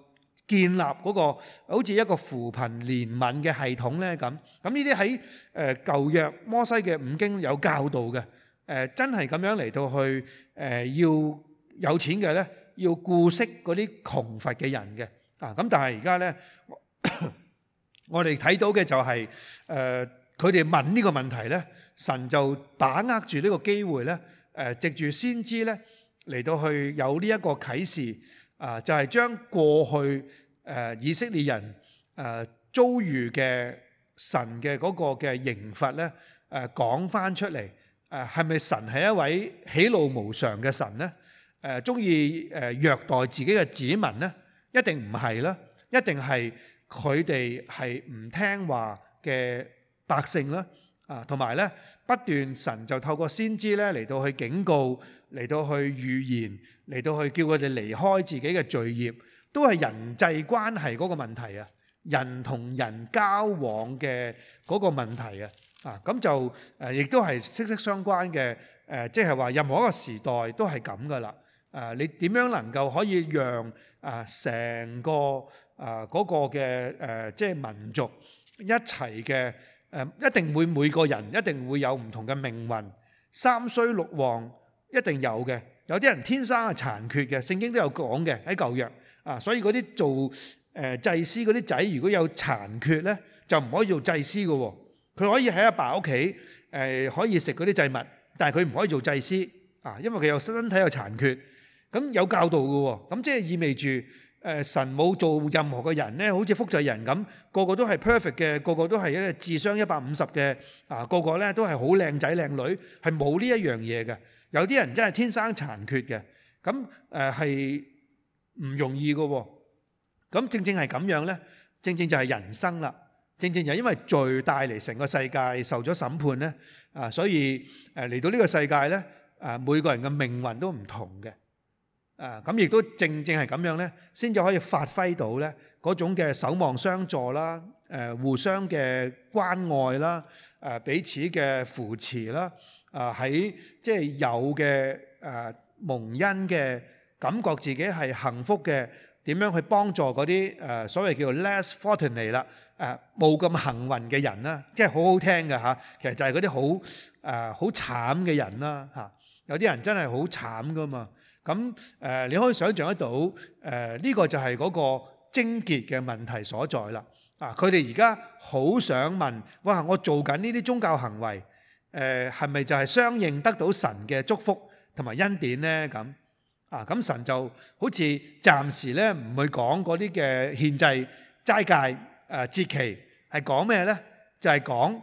建立嗰個好似一個扶貧憐憫嘅系統呢？咁咁呢啲喺誒舊約摩西嘅五經有教導嘅。誒，真係咁樣嚟到去誒，要有錢嘅呢，要顧惜嗰啲窮乏嘅人嘅。啊，咁但係而家呢。我哋睇到嘅就係，誒，佢哋問呢個問題咧，神就把握住呢個機會咧，誒，藉住先知咧嚟到去有呢一個啟示，啊，就係將過去誒以色列人誒遭遇嘅神嘅嗰個嘅刑罰咧，誒，講返出嚟，誒，係咪神係一位喜怒無常嘅神咧？誒，鍾意誒虐待自己嘅子民咧？一定唔係啦，一定係。佢哋係唔聽話嘅百姓啦，啊，同埋呢不斷神就透過先知呢嚟到去警告，嚟到去預言，嚟到去叫佢哋離開自己嘅罪孽，都係人際關係嗰個問題啊，人同人交往嘅嗰個問題啊，啊咁就誒亦都係息息相關嘅，誒即係話任何一個時代都係咁噶啦，誒你點樣能夠可以讓啊成個？啊！嗰、呃那個嘅誒、呃，即係民族一齊嘅誒，一定會每個人一定會有唔同嘅命運。三衰六旺一定有嘅。有啲人天生係殘缺嘅，聖經都有講嘅喺舊約啊。所以嗰啲做誒、呃、祭司嗰啲仔，如果有殘缺咧，就唔可以做祭司嘅喎、哦。佢可以喺阿爸屋企誒，可以食嗰啲祭物，但係佢唔可以做祭司啊，因為佢有身體有殘缺。咁有教導嘅喎、哦，咁即係意味住。神冇做任何嘅人呢好似複製人咁，個個都係 perfect 嘅，個個都係咧，智商一百五十嘅，啊，個個都係好靚仔靚女，係冇呢一樣嘢嘅。有啲人真係天生殘缺嘅，咁誒係唔容易嘅喎。咁正正係咁樣呢，正正就係人生啦。正正就係因為罪帶嚟成個世界受咗審判呢。啊，所以嚟到呢個世界呢，每個人嘅命運都唔同嘅。啊，咁亦都正正係咁樣呢，先至可以發揮到呢嗰種嘅守望相助啦，誒、啊、互相嘅關愛啦，誒、啊、彼此嘅扶持啦，啊喺即係有嘅誒、啊、蒙恩嘅感覺，自己係幸福嘅，點樣去幫助嗰啲誒所謂叫做 less fortunate 啦、啊，誒冇咁幸運嘅人啦、啊，即係好好聽㗎吓、啊。其實就係嗰啲好誒好慘嘅人啦吓、啊、有啲人真係好慘噶嘛。咁誒，你可以想象得到誒，呢個就係嗰個癥結嘅問題所在啦。啊，佢哋而家好想問：哇，我做緊呢啲宗教行為，誒係咪就係相應得到神嘅祝福同埋恩典咧？咁啊，咁神就好似暫時咧唔會講嗰啲嘅獻祭、齋戒、誒節期，係講咩咧？就係講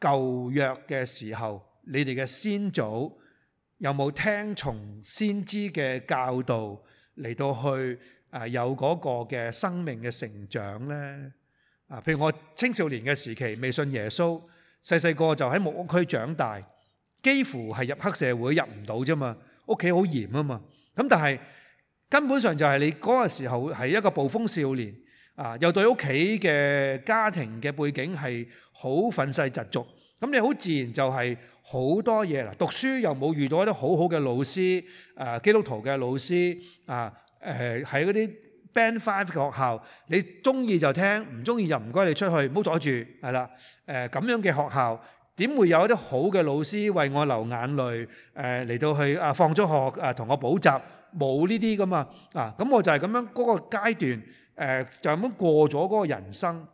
舊約嘅時候，你哋嘅先祖。有冇聽從先知嘅教導嚟到去有嗰個嘅生命嘅成長呢？啊！譬如我青少年嘅時期未信耶穌，細細個就喺木屋區長大，幾乎係入黑社會入唔到啫嘛。屋企好嚴啊嘛。咁但係根本上就係你嗰個時候係一個暴風少年啊，又對屋企嘅家庭嘅背景係好憤世嫉俗。咁你好自然就係好多嘢啦，讀書又冇遇到一啲好好嘅老師，誒基督徒嘅老師啊，誒喺嗰啲 Band Five 嘅學校，你中意就聽，唔中意就唔該你出去，唔好阻住，係啦，誒咁樣嘅學校點會有一啲好嘅老師為我流眼淚，誒嚟到去啊放咗學啊同我補習，冇呢啲㗎嘛，啊咁我就係咁樣嗰個階段，誒就咁樣過咗嗰個人生。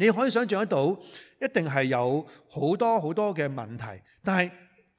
你可以想像得到，一定係有好多好多嘅問題。但係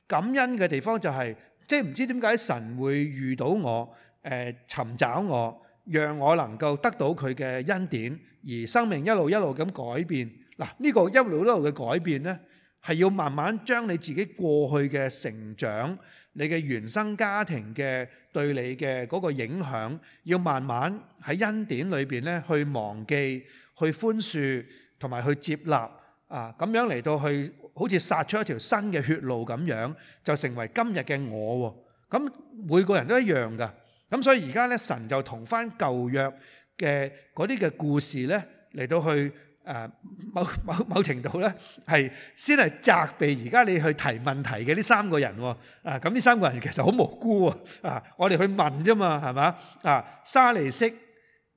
感恩嘅地方就係，即係唔知點解神會遇到我，誒尋找我，讓我能夠得到佢嘅恩典，而生命一路一路咁改變。嗱，呢個一路一路嘅改變呢，係要慢慢將你自己過去嘅成長、你嘅原生家庭嘅對你嘅嗰個影響，要慢慢喺恩典裏邊呢去忘記、去寬恕。同埋去接納啊，咁樣嚟到去，好似殺出一條新嘅血路咁樣，就成為今日嘅我喎。咁每個人都一樣噶。咁所以而家咧，神就同翻舊約嘅嗰啲嘅故事咧，嚟到去誒某某某程度咧，係先係責備而家你去提問題嘅呢三個人喎。啊，咁呢三個人其實好無辜啊。啊，我哋去問啫嘛，係咪？啊，沙利色、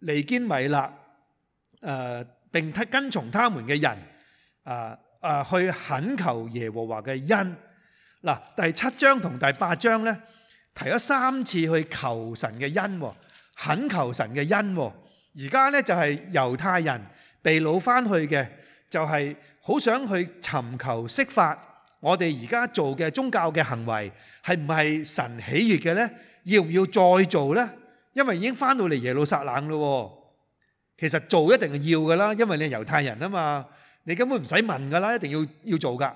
尼堅米勒誒。並跟從他們嘅人，啊啊，去懇求耶和華嘅恩。嗱，第七章同第八章呢，提咗三次去求神嘅恩，懇求神嘅恩。而家呢就係猶太人被擄翻去嘅，就係好想去尋求釋法。我哋而家做嘅宗教嘅行為係唔係神喜悅嘅呢？要唔要再做呢？因為已經翻到嚟耶路撒冷咯。其實做一定要噶啦，因為你係猶太人啊嘛，你根本唔使問噶啦，一定要要做噶。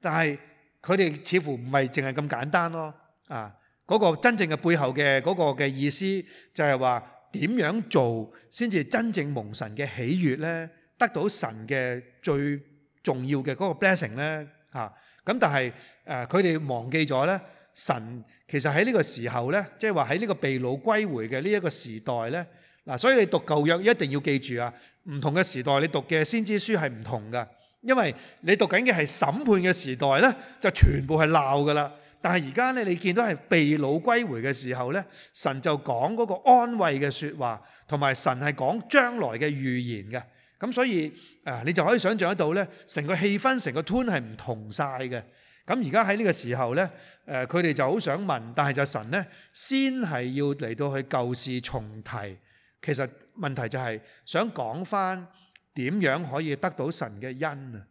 但係佢哋似乎唔係淨係咁簡單咯，啊嗰、那個真正嘅背後嘅嗰、那個嘅意思就係話點樣做先至真正蒙神嘅喜悅呢？得到神嘅最重要嘅嗰個 blessing 呢？嚇、啊。咁但係誒佢哋忘記咗呢。神其實喺呢個時候呢，即係話喺呢個被擄歸回嘅呢一個時代呢。嗱，所以你讀舊約一定要記住啊！唔同嘅時代，你讀嘅先知書係唔同㗎，因為你讀緊嘅係審判嘅時代咧，就全部係鬧噶啦。但係而家咧，你見到係被擄歸回嘅時候咧，神就講嗰個安慰嘅説話，同埋神係講將來嘅預言嘅。咁所以啊，你就可以想像得到咧，成個氣氛、成個 tone 係唔同晒嘅。咁而家喺呢個時候咧，誒佢哋就好想問，但係就神咧，先係要嚟到去舊事重提。其實問題就係想講翻點樣可以得到神嘅恩啊？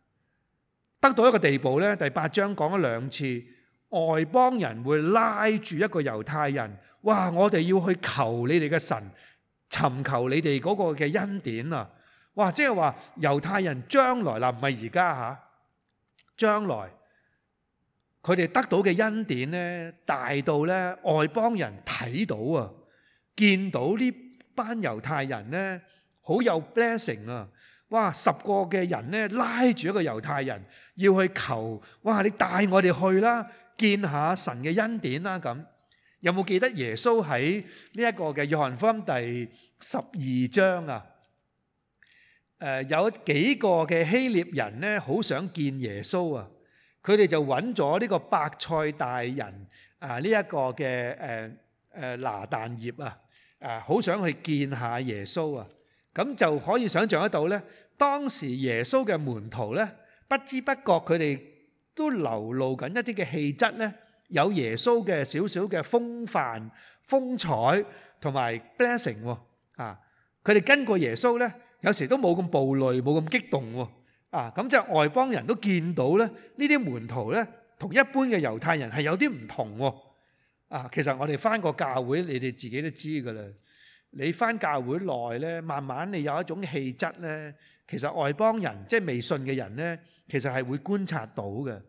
得到一個地步呢，第八章講咗兩次，外邦人會拉住一個猶太人，哇！我哋要去求你哋嘅神，尋求你哋嗰個嘅恩典啊！哇！即係話猶太人將來啦，唔係而家吓，將來佢哋得到嘅恩典呢，大到呢，外邦人睇到啊，見到呢。班猶太人咧好有 blessing 啊！哇，十個嘅人咧拉住一個猶太人要去求，哇！你帶我哋去啦，見下神嘅恩典啦咁。有冇記得耶穌喺呢一個嘅約翰福音第十二章啊？誒、呃，有幾個嘅希臘人咧，好想見耶穌啊！佢哋就揾咗呢個伯賽大人啊，呢、這、一個嘅誒誒拿但業啊。啊，好想去見下耶穌啊！咁就可以想像得到咧，當時耶穌嘅門徒咧，不知不覺佢哋都流露緊一啲嘅氣質咧，有耶穌嘅少少嘅風範、風采同埋 blessing 喎。啊，佢哋跟過耶穌咧，有時都冇咁暴戾，冇咁激動喎。啊，咁即係外邦人都見到咧，呢啲門徒咧，同一般嘅猶太人係有啲唔同喎。啊，其實我哋返個教會，你哋自己都知㗎喇。你返教會內咧，慢慢你有一種氣質咧，其實外邦人即係未信嘅人咧，其實係會觀察到嘅，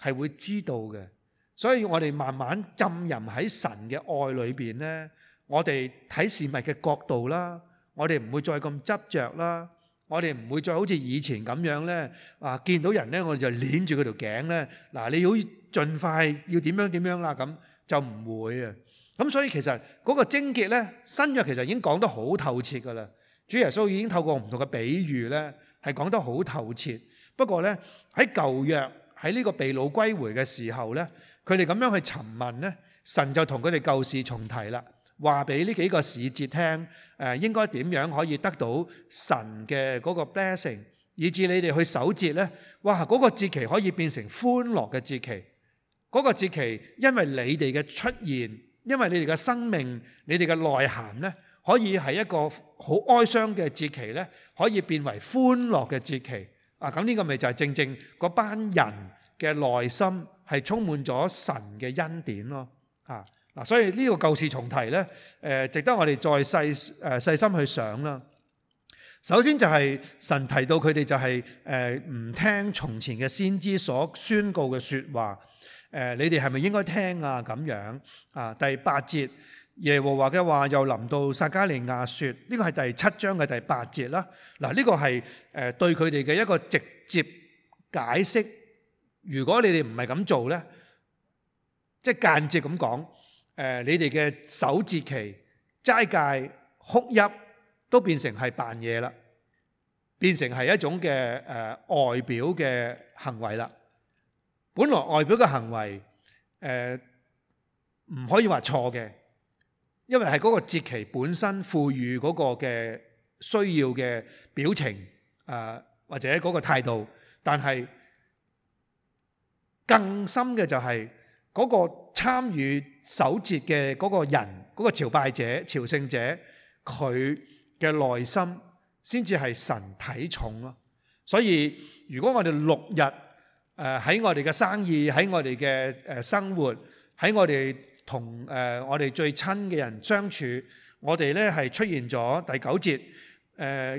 係會知道嘅。所以我哋慢慢浸淫喺神嘅愛裏邊咧，我哋睇事物嘅角度啦，我哋唔會再咁執着啦，我哋唔會再好似以前咁樣咧。啊，見到人咧，我哋就捏住佢條頸咧。嗱、啊，你好盡快要點樣點樣啦咁。就唔會啊！咁所以其實嗰個癥結呢，新約其實已經講得好透徹噶啦。主耶穌已經透過唔同嘅比喻呢，係講得好透徹。不過呢，喺舊約喺呢個被擄歸回嘅時候呢，佢哋咁樣去尋問呢，神就同佢哋舊事重提啦，話俾呢幾個使節聽誒、呃，應該點樣可以得到神嘅嗰個 blessing，以致你哋去守節呢。哇，嗰個節期可以變成歡樂嘅節期。嗰個節期，因為你哋嘅出現，因為你哋嘅生命，你哋嘅內涵呢，可以係一個好哀傷嘅節期呢，可以變為歡樂嘅節期。啊，咁、這、呢個咪就係正正嗰班人嘅內心係充滿咗神嘅恩典咯。啊，嗱，所以呢個舊事重提呢、呃，值得我哋再細誒細心去想啦。首先就係神提到佢哋就係誒唔聽從前嘅先知所宣告嘅説話。誒，你哋係咪應該聽啊？咁樣啊，第八節，耶和華嘅話又臨到撒迦利亞說：呢個係第七章嘅第八節啦。嗱，呢個係誒對佢哋嘅一個直接解釋。如果你哋唔係咁做呢，即係間接咁講，誒，你哋嘅守節期、齋戒、哭泣都變成係扮嘢啦，變成係一種嘅誒外表嘅行為啦。本來外表嘅行為，誒、呃、唔可以話錯嘅，因為係嗰個節期本身賦予嗰個嘅需要嘅表情啊、呃，或者嗰個態度，但係更深嘅就係、是、嗰、那個參與守節嘅嗰個人，嗰、那個朝拜者、朝聖者，佢嘅內心先至係神睇重咯。所以如果我哋六日，誒喺、呃、我哋嘅生意，喺我哋嘅、呃、生活，喺我哋同誒、呃、我哋最親嘅人相處，我哋咧係出現咗第九節誒、呃，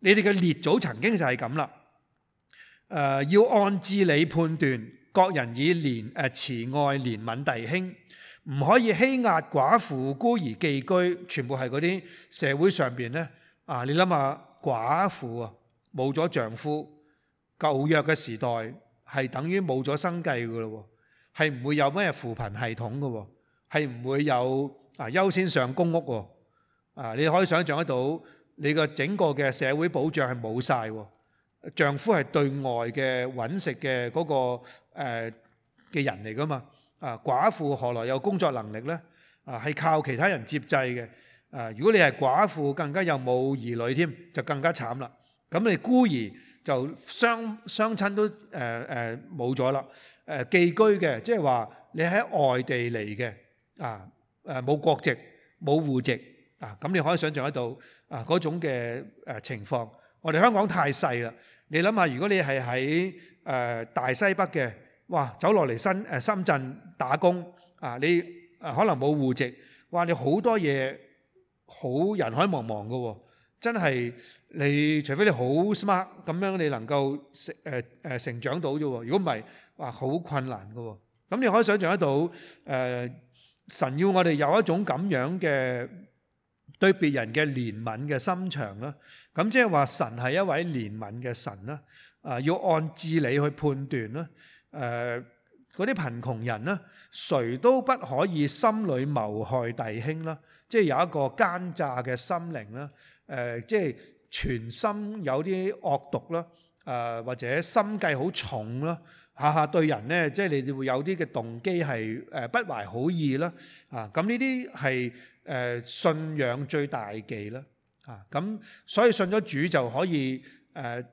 你哋嘅列祖曾經就係咁啦。誒、呃、要按至理判斷，各人以憐、呃、慈愛憐憫弟兄，唔可以欺壓寡婦、孤兒寄居，全部係嗰啲社會上面咧啊！你諗下寡婦啊，冇咗丈夫。舊約嘅時代係等於冇咗生計㗎喇，係唔會有咩扶貧系統㗎，係唔會有啊優先上公屋喎，啊你可以想象得到你個整個嘅社會保障係冇晒喎，丈夫係對外嘅揾食嘅嗰個誒嘅人嚟㗎嘛，啊寡婦何來有工作能力呢？啊係靠其他人接濟嘅，啊如果你係寡婦更加又冇兒女添，就更加慘啦。咁你孤兒。就雙雙親都誒誒冇咗啦，誒寄居嘅，即係話你喺外地嚟嘅啊誒冇國籍冇戶籍啊，咁你可以想象得到啊嗰種嘅誒情況。我哋香港太細啦，你諗下，如果你係喺誒大西北嘅，哇走落嚟深誒深圳打工啊，你可能冇戶籍，哇你好多嘢好人海茫茫㗎喎。真係你，除非你好 smart 咁樣，你能夠成誒誒成長到啫喎。如果唔係，話好困難噶喎。咁你可以想象得到誒，神要我哋有一種咁樣嘅對別人嘅憐憫嘅心腸啦。咁即係話神係一位憐憫嘅神啦。啊，要按至理去判斷啦。誒，嗰啲貧窮人啦，誰都不可以心裏謀害弟兄啦。即係有一個奸詐嘅心靈啦。誒、呃、即係全心有啲惡毒咯，呃，或者心計好重咯，下、啊、下對人呢，即係你會有啲嘅動機係不懷好意啦，啊咁呢啲係信仰最大忌啦，啊咁、啊、所以信咗主就可以誒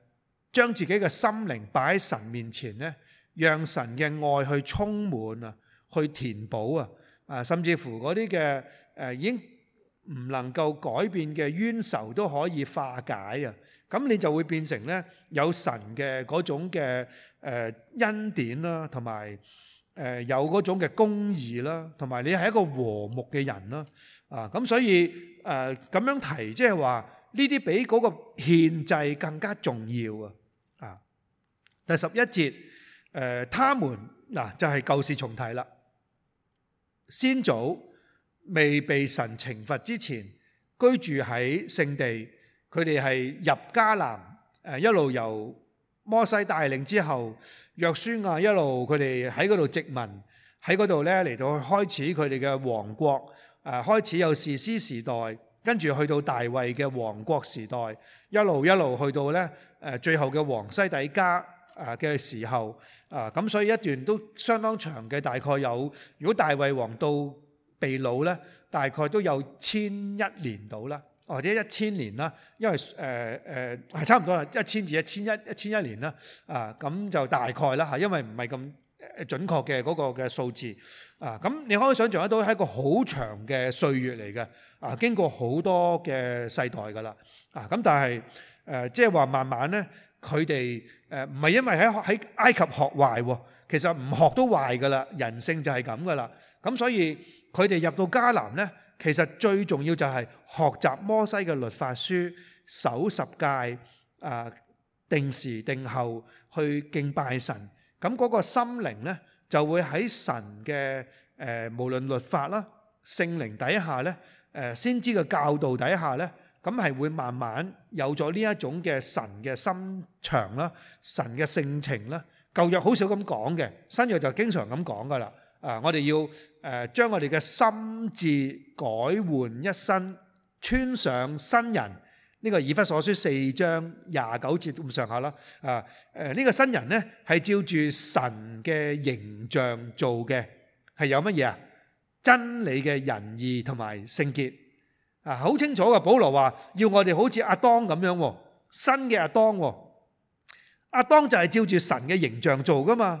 將、啊、自己嘅心靈擺喺神面前呢，讓神嘅愛去充滿啊，去填補啊，啊甚至乎嗰啲嘅誒已經。唔能夠改變嘅冤仇都可以化解啊！咁你就會變成呢有神嘅嗰種嘅誒恩典啦，同埋誒有嗰種嘅公義啦，同埋你係一個和睦嘅人啦。啊，咁所以誒咁樣提，即係話呢啲比嗰個憲制更加重要啊！啊，第十一節誒，他們嗱就係舊事重提啦，先祖。未被神懲罰之前，居住喺聖地，佢哋係入迦南誒，一路由摩西帶領之後，約書亞一路佢哋喺嗰度殖民，喺嗰度呢嚟到開始佢哋嘅王國誒、啊，開始有士師時代，跟住去到大衛嘅王國時代，一路一路去到呢、啊、最後嘅王西底家啊嘅時候啊，咁所以一段都相當長嘅，大概有如果大衛王到。地老咧大概都有千一年到啦，或者一千年啦，因為誒誒係差唔多啦，一千至一千一一千一年啦，啊、呃、咁就大概啦吓，因為唔係咁準確嘅嗰個嘅數字啊，咁、呃、你可以想象得到係一個好長嘅歲月嚟嘅啊，經過好多嘅世代噶啦啊，咁、呃、但係誒、呃、即係話慢慢咧，佢哋誒唔係因為喺喺埃及學壞喎，其實唔學都壞噶啦，人性就係咁噶啦，咁、呃、所以。佢哋入到迦南呢，其實最重要就係學習摩西嘅律法書、守十戒，誒定時定候去敬拜神。咁嗰個心靈呢，就會喺神嘅誒無論律法啦、聖靈底下呢，誒先知嘅教導底下呢，咁係會慢慢有咗呢一種嘅神嘅心腸啦、神嘅性情啦。舊約好少咁講嘅，新約就經常咁講㗎喇。啊！我哋要誒將我哋嘅心志改換一新，穿上新人呢個以弗所書四章廿九節咁上下啦。啊，誒呢個新人呢係照住神嘅形象做嘅，係有乜嘢啊？真理嘅仁義同埋聖潔啊，好清楚嘅。保羅話要我哋好似阿當咁樣，新嘅阿當喎，阿當就係照住神嘅形象做㗎嘛。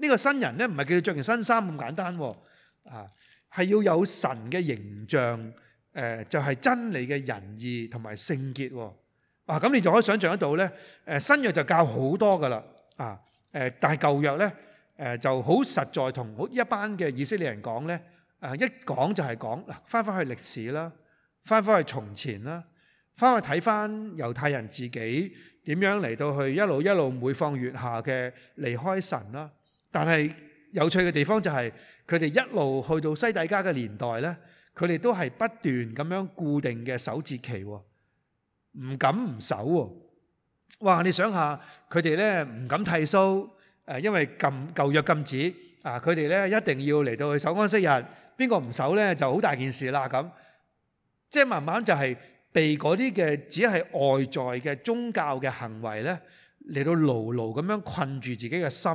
呢個新人咧唔係叫做著件新衫咁簡單喎，啊，係要有神嘅形象，誒就係真理嘅仁義同埋聖潔喎。啊，咁你就可以想象得到咧，誒新約就教好多噶啦，啊，誒但係舊約咧，誒就好實在同好一班嘅以色列人講咧，啊一講就係講嗱，翻翻去歷史啦，翻翻去從前啦，翻去睇翻猶太人自己點樣嚟到去一路一路每況愈下嘅離開神啦。但係有趣嘅地方就係佢哋一路去到西大家嘅年代呢，佢哋都係不斷咁樣固定嘅守節期，唔敢唔守。哇！你想下佢哋呢唔敢剃鬚，誒，因為禁舊約禁止啊，佢哋呢一定要嚟到去守安息日。邊個唔守呢？就好大件事啦咁。即係慢慢就係被嗰啲嘅只係外在嘅宗教嘅行為呢，嚟到牢牢咁樣困住自己嘅心。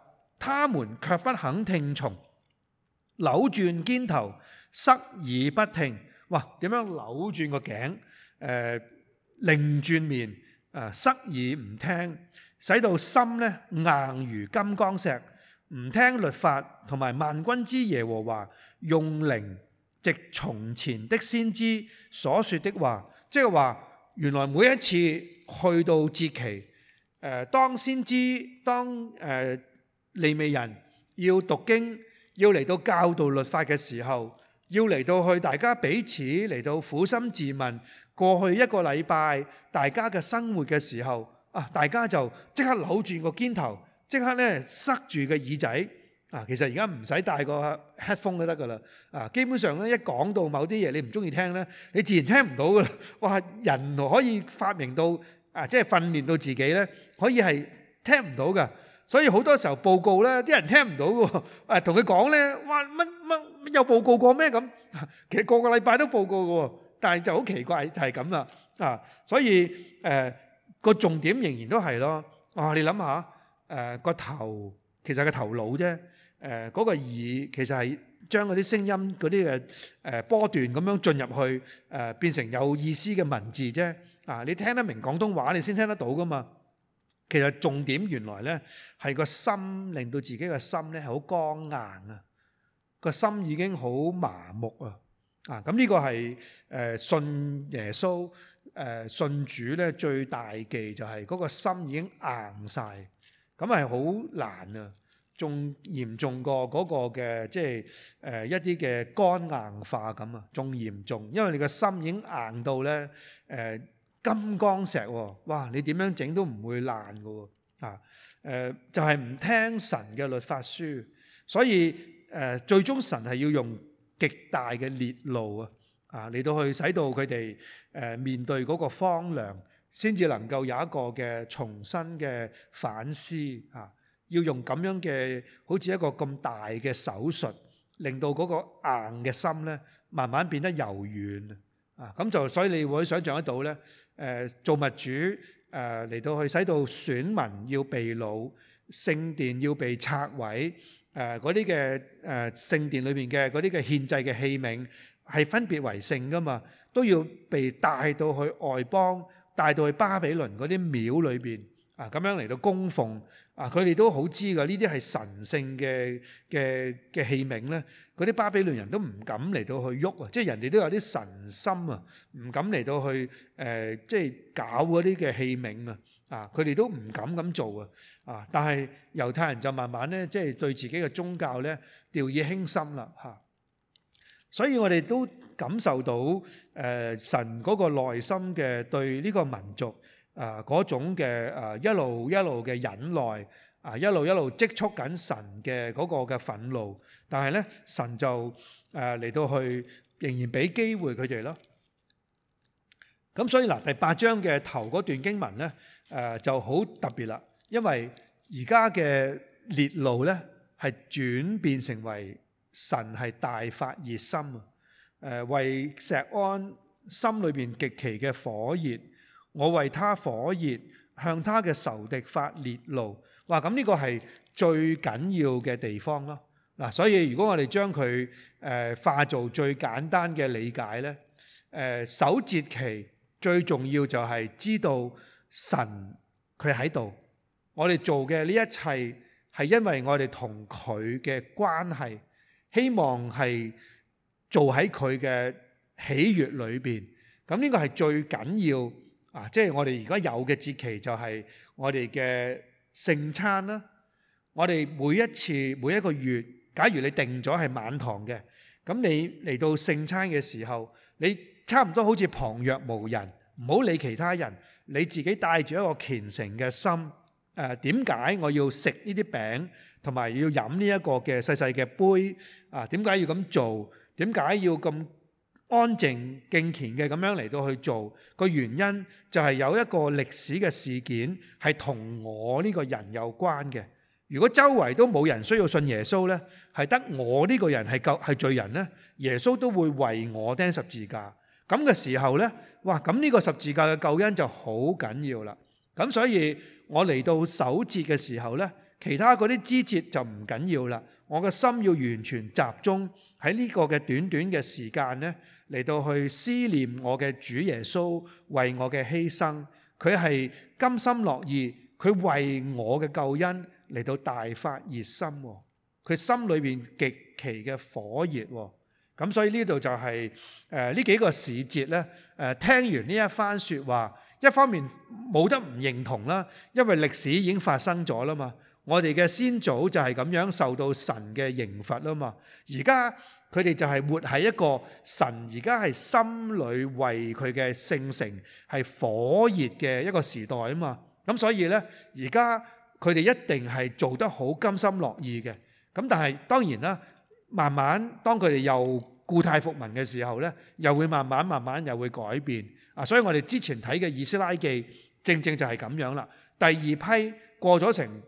他們卻不肯聽從，扭轉肩頭，塞耳不聽。哇！點樣扭轉個頸？誒，另轉面，誒，塞耳唔聽，使到心咧硬如金剛石，唔聽律法同埋萬軍之耶和華用靈藉從前的先知所說的話。即係話，原來每一次去到節期，誒，當先知，當誒。利未人要讀經，要嚟到教導律法嘅時候，要嚟到去大家彼此嚟到苦心自問過去一個禮拜大家嘅生活嘅時候啊，大家就即刻扭轉個肩頭，即刻咧塞住個耳仔啊！其實而家唔使戴個 headphone 都得噶啦啊！基本上咧一講到某啲嘢你唔中意聽咧，你自然聽唔到噶啦！哇，人可以發明到啊，即係訓練到自己咧，可以係聽唔到噶。所以好多時候報告呢啲人聽唔到嘅喎。同佢講呢哇，乜乜有報告過咩咁？其實個個禮拜都報告嘅喎，但係就好奇怪，就係咁啦。啊，所以誒個、呃、重點仍然都係咯。哇、呃，你諗下，誒、呃、個頭其實個頭腦啫。誒、呃、嗰、那個耳其實係將嗰啲聲音嗰啲嘅誒波段咁樣進入去誒、呃、變成有意思嘅文字啫。啊、呃，你聽得明廣東話，你先聽得到噶嘛。其實重點原來呢係個心，令到自己個心呢好剛硬啊！個心已經好麻木啊！啊，咁、這、呢個係誒信耶穌、誒信主呢最大忌，就是，就係嗰個心已經硬晒。咁係好難啊！仲嚴重過嗰、那個嘅即係一啲嘅肝硬化咁啊！仲嚴重，因為你個心已經硬到呢。誒、呃。金剛石喎，哇！你點樣整都唔會爛噶喎，啊誒就係唔聽神嘅律法書，所以誒最終神係要用極大嘅烈怒啊，啊嚟到去使到佢哋誒面對嗰個荒涼，先至能夠有一個嘅重新嘅反思啊，要用咁樣嘅好似一個咁大嘅手術，令到嗰個硬嘅心咧慢慢變得柔軟啊，咁就所以你會想像得到咧。誒、呃、做物主誒嚟、呃、到去使到選民要被擄，聖殿要被拆毀，誒嗰啲嘅誒聖殿裏面嘅嗰啲嘅獻祭嘅器皿係分別為聖㗎嘛，都要被帶到去外邦，帶到去巴比倫嗰啲廟裏邊啊咁樣嚟到供奉。啊！佢哋都好知噶，呢啲係神聖嘅嘅嘅器皿咧，嗰啲巴比倫人都唔敢嚟到去喐啊！即係人哋都有啲神心啊，唔敢嚟到去誒，即係搞嗰啲嘅器皿啊！啊，佢哋都唔敢咁做啊！啊，但係猶太人就慢慢咧，即係對自己嘅宗教咧，掉以輕心啦嚇。所以我哋都感受到誒神嗰個內心嘅對呢個民族。誒嗰種嘅誒一路一路嘅忍耐，啊，一路一路積蓄緊神嘅嗰個嘅憤怒，但係咧神就誒嚟到去仍然俾機會佢哋咯。咁所以嗱，第八章嘅頭嗰段經文咧誒就好特別啦，因為而家嘅烈怒咧係轉變成為神係大發熱心，誒為錫安心裏邊極其嘅火熱。我為他火熱，向他嘅仇敵發烈怒。哇！咁、這、呢個係最緊要嘅地方咯。嗱，所以如果我哋將佢誒、呃、化做最簡單嘅理解呢，誒，守節期最重要就係知道神佢喺度，我哋做嘅呢一切係因為我哋同佢嘅關係，希望係做喺佢嘅喜悦裏邊。咁、這、呢個係最緊要。啊，即係我哋而家有嘅節期就係我哋嘅聖餐啦。我哋每一次每一個月，假如你定咗係晚堂嘅，咁你嚟到聖餐嘅時候，你差唔多好似旁若無人，唔好理其他人，你自己帶住一個虔誠嘅心。誒，點解我要食呢啲餅同埋要飲呢一個嘅細細嘅杯？啊，點解要咁做？點解要咁？安靜敬虔嘅咁樣嚟到去做，個原因就係有一個歷史嘅事件係同我呢個人有關嘅。如果周圍都冇人需要信耶穌呢，係得我呢個人係救係罪人呢，耶穌都會為我釘十字架。咁嘅時候呢，哇！咁呢個十字架嘅救恩就好緊要啦。咁所以我嚟到首節嘅時候呢，其他嗰啲支節就唔緊要啦。我嘅心要完全集中喺呢個嘅短短嘅時間呢。嚟到去思念我嘅主耶穌為我嘅犧牲，佢係甘心樂意，佢為我嘅救恩嚟到大發熱心，佢心裏邊極其嘅火熱，咁所以呢度就係誒呢幾個時節呢，誒、呃、聽完呢一番說話，一方面冇得唔認同啦，因為歷史已經發生咗啦嘛，我哋嘅先祖就係咁樣受到神嘅刑罰啦嘛，而家。佢哋就係活喺一個神而家係心裏為佢嘅聖城係火熱嘅一個時代啊嘛，咁所以咧而家佢哋一定係做得好甘心樂意嘅，咁但係當然啦，慢慢當佢哋又故態復萌嘅時候咧，又會慢慢慢慢又會改變啊，所以我哋之前睇嘅《以斯拉記》，正正就係咁樣啦。第二批過咗成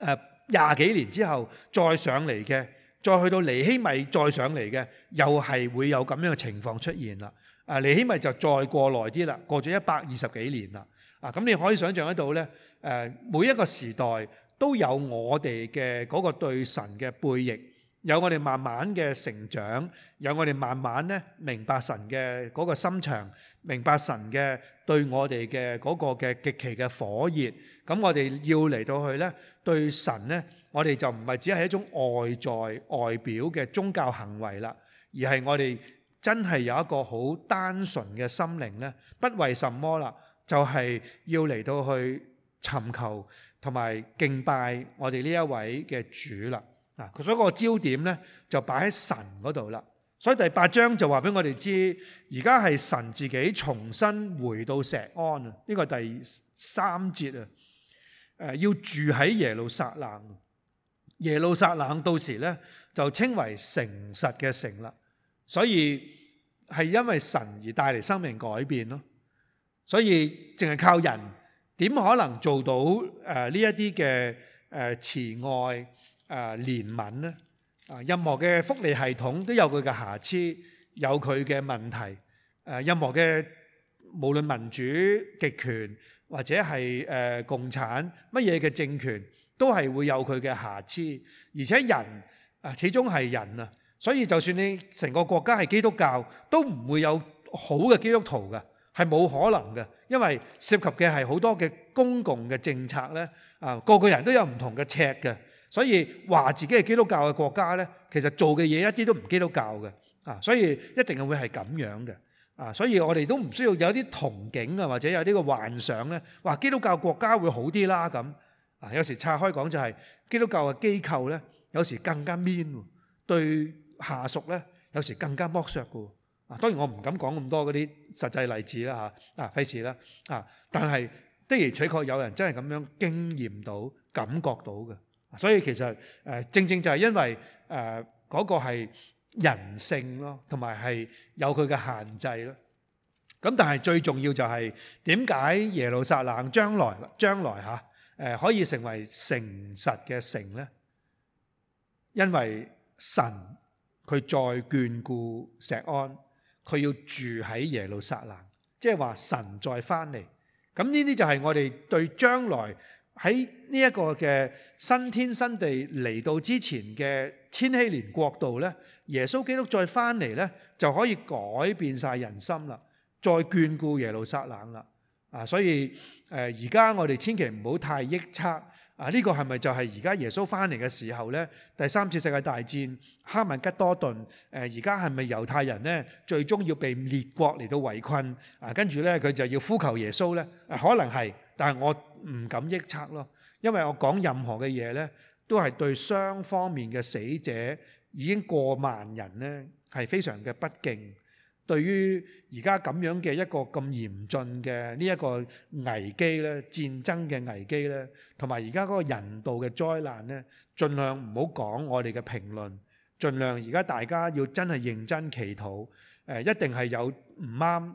誒廿幾年之後再上嚟嘅。再去到尼希米再上嚟嘅，又係會有咁樣嘅情況出現啦。啊，尼希米就再過來啲啦，過咗一百二十幾年啦。啊，咁你可以想象得到呢、呃，每一個時代都有我哋嘅嗰個對神嘅背逆，有我哋慢慢嘅成長，有我哋慢慢咧明白神嘅嗰個心腸明白神嘅對我哋嘅嗰個嘅極其嘅火熱，咁我哋要嚟到去咧，對神咧，我哋就唔係只係一種外在外表嘅宗教行為啦，而係我哋真係有一個好單純嘅心靈咧，不為什麼啦，就係要嚟到去尋求同埋敬拜我哋呢一位嘅主啦。啊，所以個焦點咧就擺喺神嗰度啦。所以第八章就話俾我哋知，而家係神自己重新回到錫安啊！呢、這個第三節啊、呃，要住喺耶路撒冷，耶路撒冷到時呢，就稱為誠實嘅城啦。所以係因為神而帶嚟生命改變咯。所以淨係靠人，點可能做到誒呢一啲嘅慈愛、呃、憐憫呢？任何嘅福利系統都有佢嘅瑕疵，有佢嘅問題。誒，任何嘅無論民主、極權或者係誒共產乜嘢嘅政權，都係會有佢嘅瑕疵。而且人啊，始終係人啊，所以就算你成個國家係基督教，都唔會有好嘅基督徒嘅，係冇可能嘅，因為涉及嘅係好多嘅公共嘅政策呢，啊，個個人都有唔同嘅尺嘅。所以話自己係基督教嘅國家咧，其實做嘅嘢一啲都唔基督教嘅啊，所以一定係會係咁樣嘅啊。所以我哋都唔需要有啲憧憬啊，或者有啲個幻想咧，話基督教國家會好啲啦咁啊。有時拆開講就係基督教嘅機構咧，有時更加 mean，對下屬咧，有時更加剝削嘅。啊，當然我唔敢講咁多嗰啲實際例子啦嚇啊，費事啦啊。但係的而且確有人真係咁樣經驗到、感覺到嘅。所以其實誒正正就係因為誒嗰個係人性咯，同埋係有佢嘅限制咯。咁但係最重要就係點解耶路撒冷將來將來嚇誒，可以成為誠實嘅城呢？因為神佢再眷顧錫安，佢要住喺耶路撒冷，即係話神再翻嚟。咁呢啲就係我哋對將來。喺呢一個嘅新天新地嚟到之前嘅千禧年國度呢，耶穌基督再翻嚟呢，就可以改變晒人心啦，再眷顧耶路撒冷啦。啊，所以誒而家我哋千祈唔好太臆測啊！呢個係咪就係而家耶穌翻嚟嘅時候呢？第三次世界大戰哈曼吉多頓誒，而家係咪猶太人呢？最終要被列國嚟到圍困啊？跟住呢，佢就要呼求耶穌呢，可能係。但係我唔敢臆測咯，因為我講任何嘅嘢呢，都係對雙方面嘅死者已經過萬人呢，係非常嘅不敬。對於而家咁樣嘅一個咁嚴峻嘅呢一個危機呢、戰爭嘅危機呢，同埋而家嗰個人道嘅災難呢，盡量唔好講我哋嘅評論。盡量而家大家要真係認真祈禱，誒一定係有唔啱。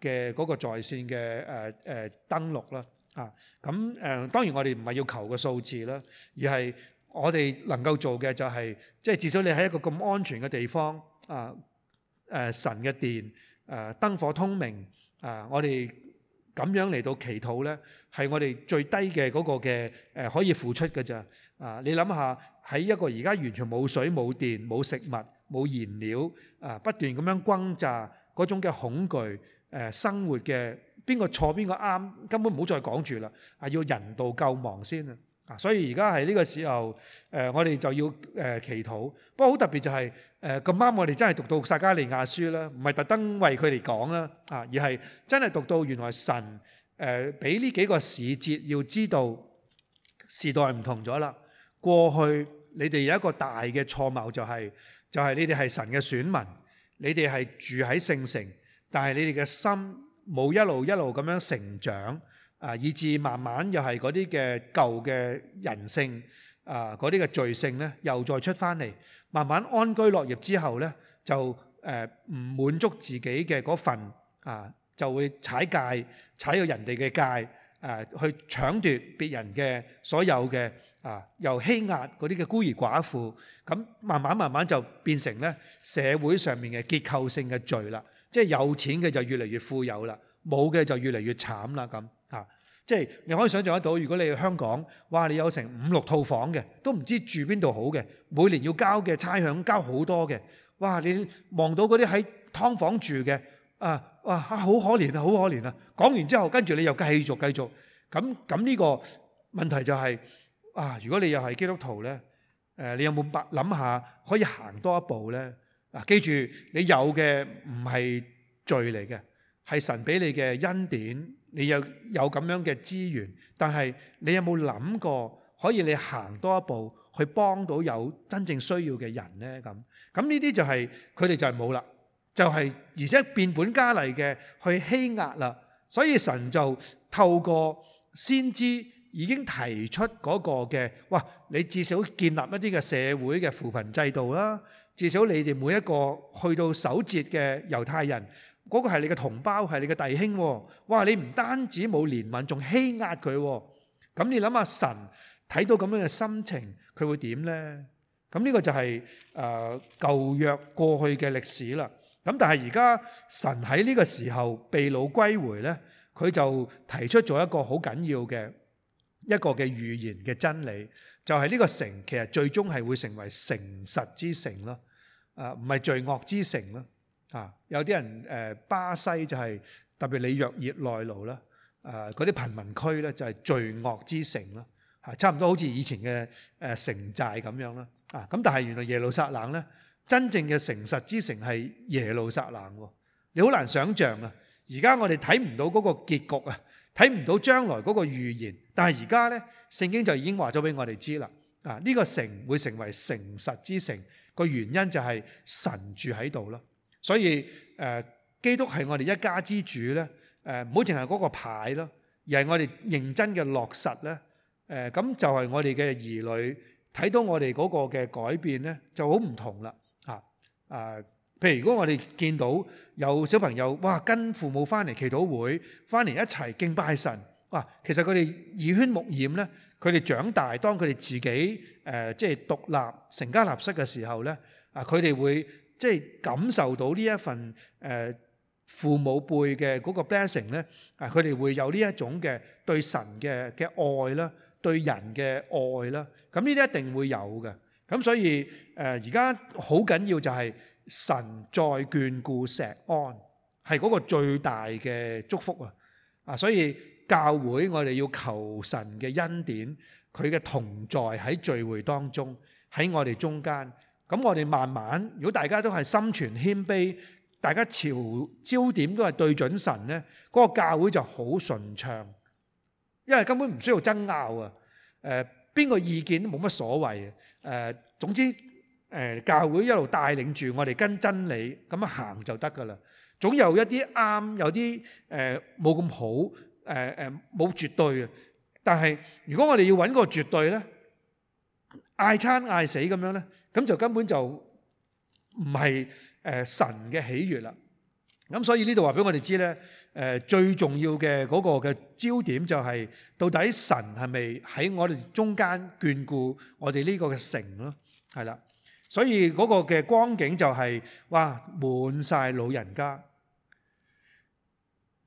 嘅嗰個在線嘅誒誒登錄啦，啊咁誒當然我哋唔係要求個數字啦，而係我哋能夠做嘅就係即係至少你喺一個咁安全嘅地方啊誒神嘅電誒燈火通明啊，我哋咁樣嚟到祈禱呢，係我哋最低嘅嗰個嘅誒可以付出㗎咋啊！你諗下喺一個而家完全冇水冇電冇食物冇燃料啊，不斷咁樣轟炸嗰種嘅恐懼。誒、呃、生活嘅邊個錯邊個啱，根本唔好再講住啦，係、啊、要人道救亡先啊！啊，所以而家係呢個時候，誒、呃、我哋就要誒、呃、祈禱。不過很特別、就是呃、好特別就係誒咁啱，我哋真係讀到撒迦利亞書啦，唔係特登為佢哋講啦，啊，而係真係讀到原來神誒俾呢幾個時節要知道時代唔同咗啦。過去你哋有一個大嘅錯謬就係、是、就係、是、你哋係神嘅選民，你哋係住喺聖城。但係你哋嘅心冇一路一路咁樣成長啊，以至慢慢又係嗰啲嘅舊嘅人性啊，嗰啲嘅罪性呢又再出翻嚟。慢慢安居樂業之後呢，就誒唔滿足自己嘅嗰份啊，就會踩界踩到人哋嘅界啊，去搶奪別人嘅所有嘅啊，又欺壓嗰啲嘅孤兒寡婦。咁慢慢慢慢就變成呢社會上面嘅結構性嘅罪啦。即係有錢嘅就越嚟越富有啦，冇嘅就越嚟越慘啦，咁即係你可以想象得到，如果你去香港，哇！你有成五六套房嘅，都唔知住邊度好嘅，每年要交嘅差餉交好多嘅。哇！你望到嗰啲喺劏房住嘅，啊啊好可，可憐啊，好可憐啊！講完之後，跟住你又繼續繼續。咁咁呢個問題就係、是、啊，如果你又係基督徒呢，呃、你有冇白諗下可以行多一步呢？嗱，記住，你有嘅唔係罪嚟嘅，係神俾你嘅恩典，你有有咁樣嘅資源，但係你有冇諗過可以你行多一步去幫到有真正需要嘅人呢？咁咁呢啲就係佢哋就係冇啦，就係、是、而且變本加厲嘅去欺壓啦。所以神就透過先知已經提出嗰個嘅，哇！你至少建立一啲嘅社會嘅扶貧制度啦。至少你哋每一個去到守節嘅猶太人，嗰、那個係你嘅同胞，係你嘅弟兄喎。哇！你唔單止冇憐憫，仲欺壓佢喎。咁你諗下神睇到咁樣嘅心情，佢會點呢？咁、這、呢個就係誒舊約過去嘅歷史啦。咁但係而家神喺呢個時候被擄歸回呢，佢就提出咗一個好緊要嘅一個嘅預言嘅真理，就係、是、呢個城其實最終係會成為誠實之城咯。啊，唔係罪惡之城啦，嚇、啊！有啲人誒、呃，巴西就係、是、特別你若葉內路啦，誒嗰啲貧民區咧就係罪惡之城啦，嚇、啊！差唔多好似以前嘅誒、呃、城寨咁樣啦，嚇、啊！咁但係原來耶路撒冷咧，真正嘅誠實之城係耶路撒冷喎、哦，你好難想像啊！而家我哋睇唔到嗰個結局啊，睇唔到將來嗰個預言，但係而家咧聖經就已經話咗俾我哋知啦，啊呢、這個城會成為誠實之城。個原因就係神住喺度咯，所以誒基督係我哋一家之主咧，誒唔好淨係嗰個牌咯，而係我哋認真嘅落實咧，誒咁就係我哋嘅兒女睇到我哋嗰個嘅改變咧，就好唔同啦嚇，誒譬如如果我哋見到有小朋友哇跟父母翻嚟祈禱會，翻嚟一齊敬拜神哇，其實佢哋耳濡目染咧。佢哋長大，當佢哋自己誒即係獨立成家立室嘅時候咧，啊，佢哋會即係感受到呢一份誒父母輩嘅嗰個 blessing 咧，啊，佢哋會有呢一種嘅對神嘅嘅愛啦，對人嘅愛啦，咁呢啲一定會有嘅。咁所以誒，而家好緊要就係神再眷顧錫安，係嗰個最大嘅祝福啊！啊，所以。教會我哋要求神嘅恩典，佢嘅同在喺聚會當中，喺我哋中間。咁我哋慢慢，如果大家都係心存謙卑，大家朝焦點都係對準神呢，嗰個教會就好順暢，因為根本唔需要爭拗啊！誒、呃，邊個意見都冇乜所謂啊。誒、呃，總之，誒、呃、教會一路帶領住我哋跟真理咁樣行就得噶啦。總有一啲啱，有啲誒冇咁好。誒誒冇絕對嘅，但係如果我哋要揾個絕對呢，嗌餐嗌死咁樣呢，咁就根本就唔係誒神嘅喜悅啦。咁所以呢度話俾我哋知呢，誒最重要嘅嗰個嘅焦點就係到底神係咪喺我哋中間眷顧我哋呢個嘅城咯？係啦，所以嗰個嘅光景就係哇滿晒老人家。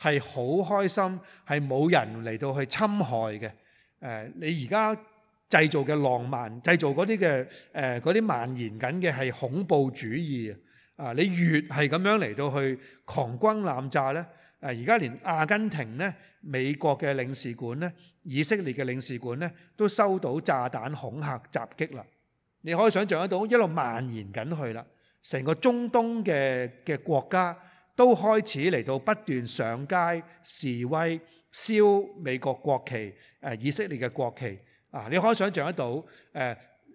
係好開心，係冇人嚟到去侵害嘅。誒、呃，你而家製造嘅浪漫，製造嗰啲嘅誒嗰啲蔓延緊嘅係恐怖主義啊、呃！你越係咁樣嚟到去狂轟濫炸呢，誒而家連阿根廷呢、美國嘅領事館呢、以色列嘅領事館呢，都收到炸彈恐嚇襲擊啦。你可以想像得到，一路蔓延緊去啦，成個中東嘅嘅國家。都開始嚟到不斷上街示威，燒美國國旗、誒以色列嘅國旗啊！你可以想象得到，誒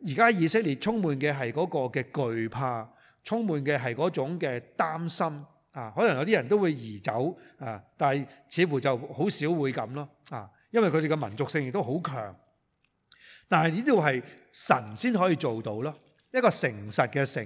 而家以色列充滿嘅係嗰個嘅懼怕，充滿嘅係嗰種嘅擔心啊！可能有啲人都會移走啊，但係似乎就好少會咁咯啊，因為佢哋嘅民族性亦都好強。但係呢度係神先可以做到咯，一個誠實嘅城。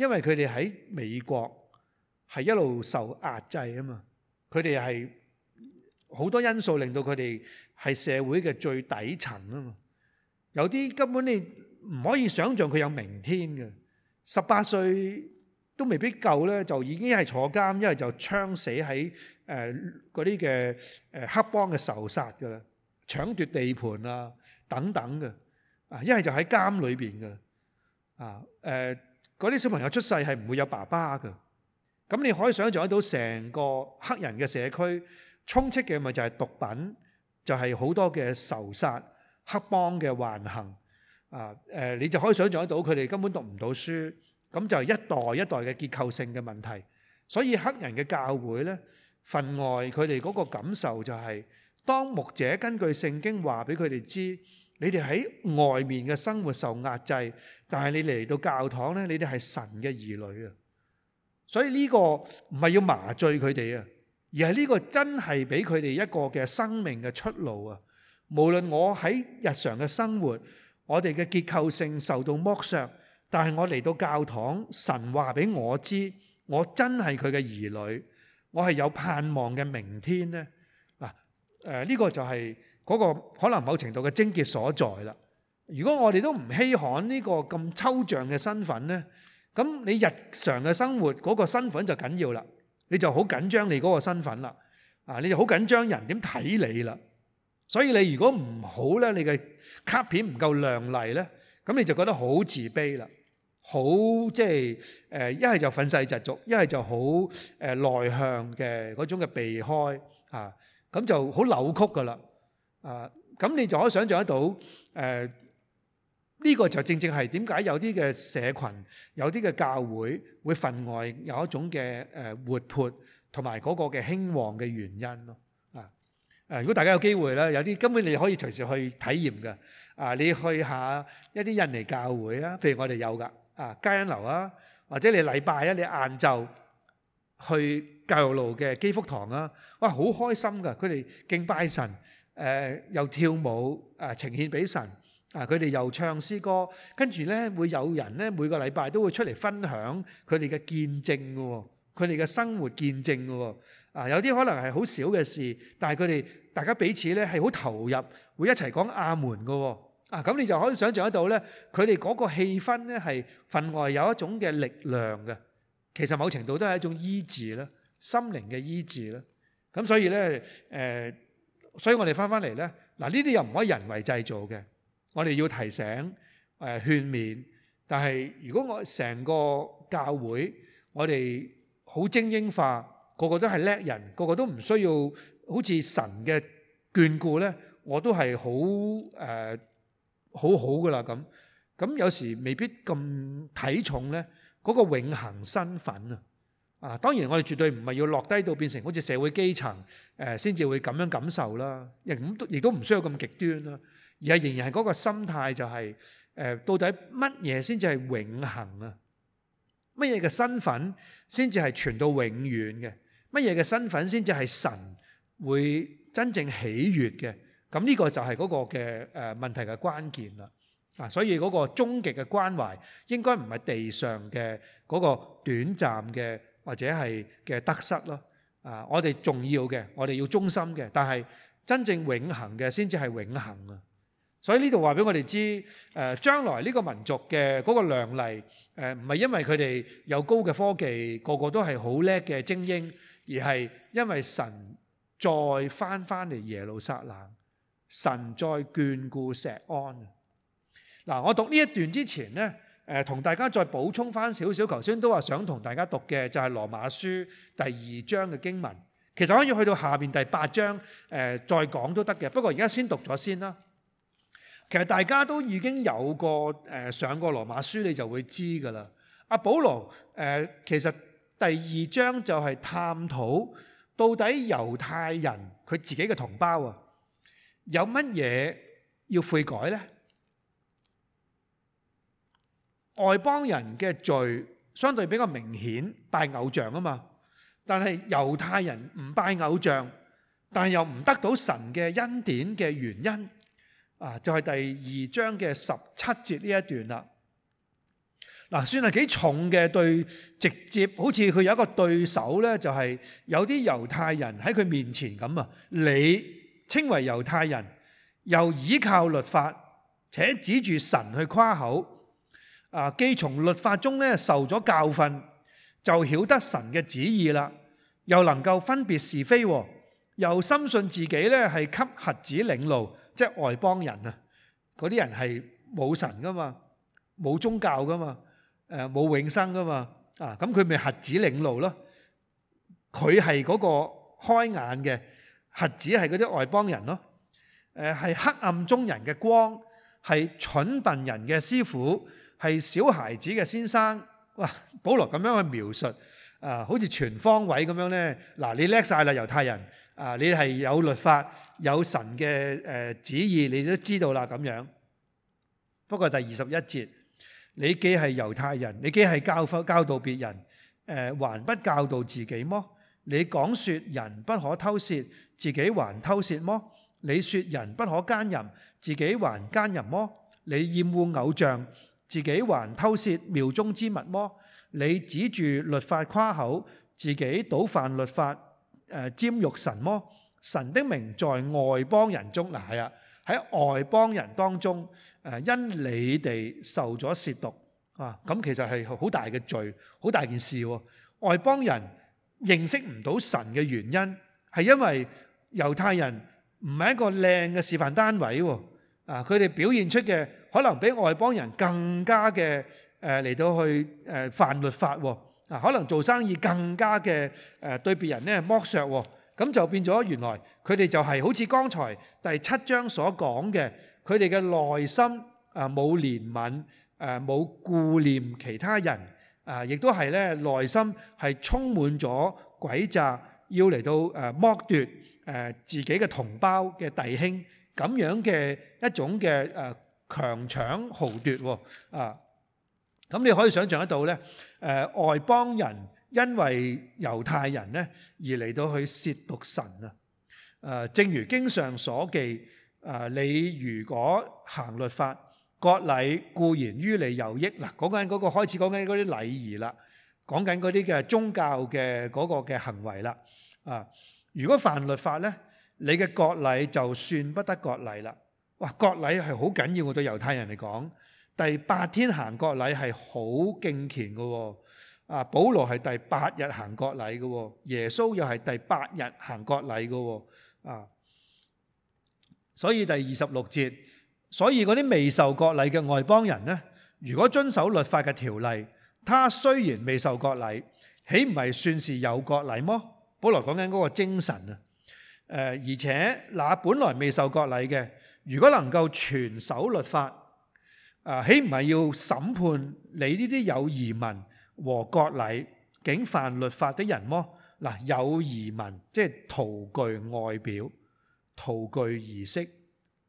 因為佢哋喺美國係一路受壓制啊嘛，佢哋係好多因素令到佢哋係社會嘅最底層啊嘛，有啲根本你唔可以想象佢有明天嘅，十八歲都未必夠呢，就已經係坐監，一係就槍死喺誒嗰啲嘅誒黑幫嘅仇殺噶啦，搶奪地盤啊等等嘅，啊一係就喺監裏邊嘅，啊誒。呃嗰啲小朋友出世係唔會有爸爸㗎，咁你可以想象得到成個黑人嘅社區充斥嘅咪就係毒品，就係好多嘅仇殺、黑幫嘅橫行啊！誒，你就可以想象得到佢哋根本讀唔到書，咁就係一代一代嘅結構性嘅問題。所以黑人嘅教會呢，份外佢哋嗰個感受就係，當牧者根據聖經話俾佢哋知。你哋喺外面嘅生活受壓制，但係你嚟到教堂呢，你哋係神嘅兒女啊！所以呢個唔係要麻醉佢哋啊，而係呢個真係俾佢哋一個嘅生命嘅出路啊！無論我喺日常嘅生活，我哋嘅結構性受到剝削，但係我嚟到教堂，神話俾我知，我真係佢嘅兒女，我係有盼望嘅明天呢。嗱，誒呢個就係、是。嗰個可能某程度嘅症結所在啦。如果我哋都唔稀罕呢個咁抽象嘅身份呢，咁你日常嘅生活嗰個身份就緊要啦。你就好緊張你嗰個身份啦。啊，你就好緊張人點睇你啦。所以你如果唔好咧，你嘅卡片唔夠亮麗呢，咁你就覺得好自卑啦。好即係一係就憤世嫉俗，一係就好誒內向嘅嗰種嘅避開啊，咁就好扭曲噶啦。啊，咁你就可以想象得到，誒呢個就正正係點解有啲嘅社群、有啲嘅教會會分外有一種嘅誒活潑同埋嗰個嘅興旺嘅原因咯。啊誒，如果大家有機會啦，有啲根本你可以隨時去體驗㗎。啊，你去下一啲印尼教會啊，譬如我哋有㗎啊嘉欣樓啊，或者你禮拜一你晏晝去教育路嘅基福堂啊，哇，好開心㗎！佢哋敬拜神。誒又跳舞啊，呈獻俾神啊！佢哋又唱詩歌，跟住咧會有人咧每個禮拜都會出嚟分享佢哋嘅見證嘅喎，佢哋嘅生活見證嘅喎啊！有啲可能係好少嘅事，但係佢哋大家彼此咧係好投入，會一齊講阿門嘅喎啊！咁你就可以想像得到咧，佢哋嗰個氣氛咧係分外有一種嘅力量嘅。其實某程度都係一種醫治咧，心靈嘅醫治咧。咁所以咧誒。所以我哋翻返嚟呢，嗱呢啲又唔可以人為製造嘅，我哋要提醒誒勸勉。但係如果我成個教會，我哋好精英化，個個都係叻人，個個都唔需要好似神嘅眷顧呢，我都係好誒好好噶啦咁。咁有時未必咁睇重呢，嗰個永恆身份啊！啊，當然我哋絕對唔係要落低到變成好似社會基層，誒先至會咁樣感受啦。亦都唔需要咁極端啦，而係仍然係嗰個心態就係、是、誒、呃，到底乜嘢先至係永恆啊？乜嘢嘅身份先至係傳到永遠嘅？乜嘢嘅身份先至係神會真正喜悅嘅？咁呢個就係嗰個嘅誒、呃、問題嘅關鍵啦。啊，所以嗰個終極嘅關懷應該唔係地上嘅嗰個短暫嘅。或者係嘅得失咯，啊！我哋重要嘅，我哋要忠心嘅，但係真正永恆嘅先至係永恆。啊！所以呢度話俾我哋知，誒，將來呢個民族嘅嗰個亮麗，唔係因為佢哋有高嘅科技，個個都係好叻嘅精英，而係因為神再翻翻嚟耶路撒冷，神再眷顧錫安。嗱，我讀呢一段之前呢。誒，同大家再補充翻少少，頭先都話想同大家讀嘅就係《羅馬書》第二章嘅經文，其實可以去到下邊第八章，誒再講都得嘅。不過而家先讀咗先啦。其實大家都已經有過，誒上過《羅馬書》，你就會知噶啦。阿保羅，誒其實第二章就係探討到底猶太人佢自己嘅同胞啊，有乜嘢要悔改呢？外邦人嘅罪相對比較明顯，拜偶像啊嘛。但係猶太人唔拜偶像，但係又唔得到神嘅恩典嘅原因，啊，就係第二章嘅十七節呢一段啦。嗱、啊，算係幾重嘅對直接，好似佢有一個對手呢，就係有啲猶太人喺佢面前咁啊。你稱為猶太人，又倚靠律法，且指住神去誇口。啊！既從律法中咧受咗教訓，就曉得神嘅旨意啦，又能夠分別是非、啊，又深信自己咧係給瞎子領路，即係外邦人啊！嗰啲人係冇神噶嘛，冇宗教噶嘛，誒、呃、冇永生噶嘛啊！咁佢咪瞎子領路咯？佢係嗰個開眼嘅瞎子，係嗰啲外邦人咯。誒、呃、係黑暗中人嘅光，係蠢笨人嘅師傅。係小孩子嘅先生，哇！保羅咁樣去描述啊、呃，好似全方位咁樣呢。嗱，你叻晒啦，猶太人啊、呃，你係有律法、有神嘅、呃、旨意，你都知道啦咁樣。不過第二十一節，你既係猶太人，你既係教訓教導別人，誒、呃，還不教導自己麼？你講説人不可偷竊，自己還偷竊麼？你説人不可奸淫，自己還奸淫麼？你厭惡偶像。自己還偷竊廟中之物嗎？你指住律法誇口，自己倒犯律法，誒玷辱神嗎？神的名在外邦人中，嗱，係啊，喺外邦人當中誒，因你哋受咗褻瀆啊，咁其實係好大嘅罪，好大件事喎。外邦人認識唔到神嘅原因，係因為猶太人唔係一個靚嘅示範單位喎。啊！佢哋表現出嘅可能比外邦人更加嘅誒嚟到去誒犯律法喎，啊，可能做生意更加嘅誒對別人咧剝削喎，咁就變咗原來佢哋就係好似剛才第七章所講嘅，佢哋嘅內心啊，冇憐憫誒冇顧念其他人啊，亦都係咧內心係充滿咗詭詐，要嚟到誒剝奪誒自己嘅同胞嘅弟兄。咁樣嘅一種嘅誒強搶豪奪喎啊！咁你可以想象得到咧，誒外邦人因為猶太人咧而嚟到去褻瀆神啊！誒，正如經上所記，誒你如果行律法、割禮，固然於你有益。嗱，講緊嗰個開始講緊嗰啲禮儀啦，講緊嗰啲嘅宗教嘅嗰個嘅行為啦。啊，如果犯律法咧？你嘅國禮就算不得國禮啦！哇，國禮係好緊要的，我對猶太人嚟講，第八天行國禮係好敬虔嘅喎。啊，保羅係第八日行國禮嘅喎，耶穌又係第八日行國禮嘅喎。啊，所以第二十六節，所以嗰啲未受國禮嘅外邦人呢，如果遵守律法嘅條例，他雖然未受國禮，豈唔係算是有國禮麼？保羅講緊嗰個精神啊。誒而且嗱，那本來未受國禮嘅，如果能夠全守律法，啊，豈唔係要審判你呢啲有移民和國禮竟犯律法的人麼？嗱，有移民即係徒具外表、徒具儀式，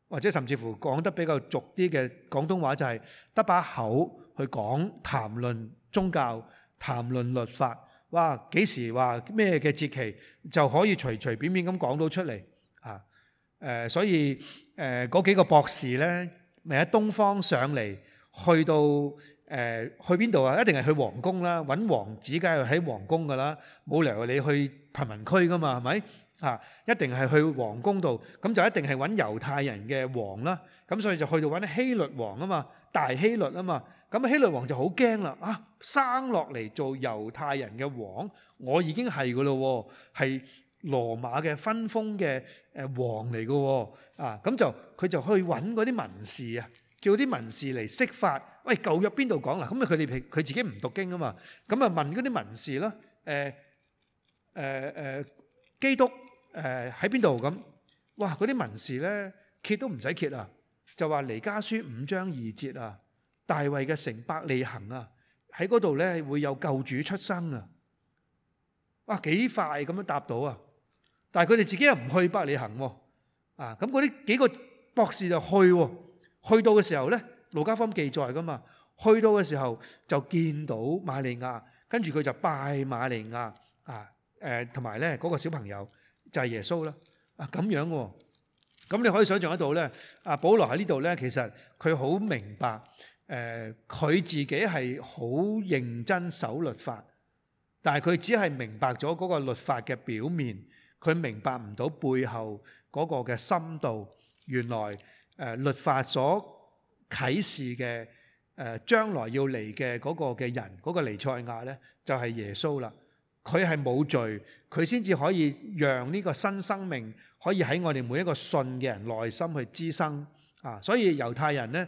或者甚至乎講得比較俗啲嘅廣東話就係、是、得把口去講談論宗教、談論律法。哇！幾時話咩嘅節期就可以隨隨便便咁講到出嚟啊？誒、呃，所以誒嗰、呃、幾個博士呢，咪喺東方上嚟，去到誒、呃、去邊度啊？一定係去皇宮啦，揾王子梗係喺皇宮㗎啦，冇理由你去貧民區㗎嘛？係咪啊？一定係去皇宮度，咁就一定係揾猶太人嘅王啦。咁所以就去到揾希律王啊嘛，大希律啊嘛。咁希律王就好驚啦！啊，生落嚟做猶太人嘅王，我已經係嘅咯，係羅馬嘅分封嘅誒王嚟嘅啊！咁就佢就去揾嗰啲文士啊，叫啲文士嚟釋法。喂，舊約邊度講啦？咁啊，佢哋佢自己唔讀經啊嘛，咁啊問嗰啲文士啦。誒誒誒，基督誒喺邊度？咁哇，嗰、嗯、啲、嗯嗯嗯嗯嗯、文士呢，揭都唔使揭啦，就話彌迦書五章二節啊！大衛嘅城伯利恒啊，喺嗰度咧，會有救主出生啊！哇，幾快咁樣答到啊！但係佢哋自己又唔去伯利恒喎，啊咁嗰啲幾個博士就去，去到嘅時候咧，路加福音記載噶嘛，去到嘅時候就見到瑪利亞，跟住佢就拜瑪利亞啊，誒同埋咧嗰個小朋友就係耶穌啦，啊咁樣，咁你可以想象得到咧，阿保羅喺呢度咧，其實佢好明白。誒，佢、呃、自己係好認真守律法，但係佢只係明白咗嗰個律法嘅表面，佢明白唔到背後嗰個嘅深度。原來誒、呃、律法所啟示嘅誒將來要嚟嘅嗰個嘅人，嗰、那個彌賽亞呢，就係、是、耶穌啦。佢係冇罪，佢先至可以讓呢個新生命可以喺我哋每一個信嘅人內心去滋生啊。所以猶太人呢。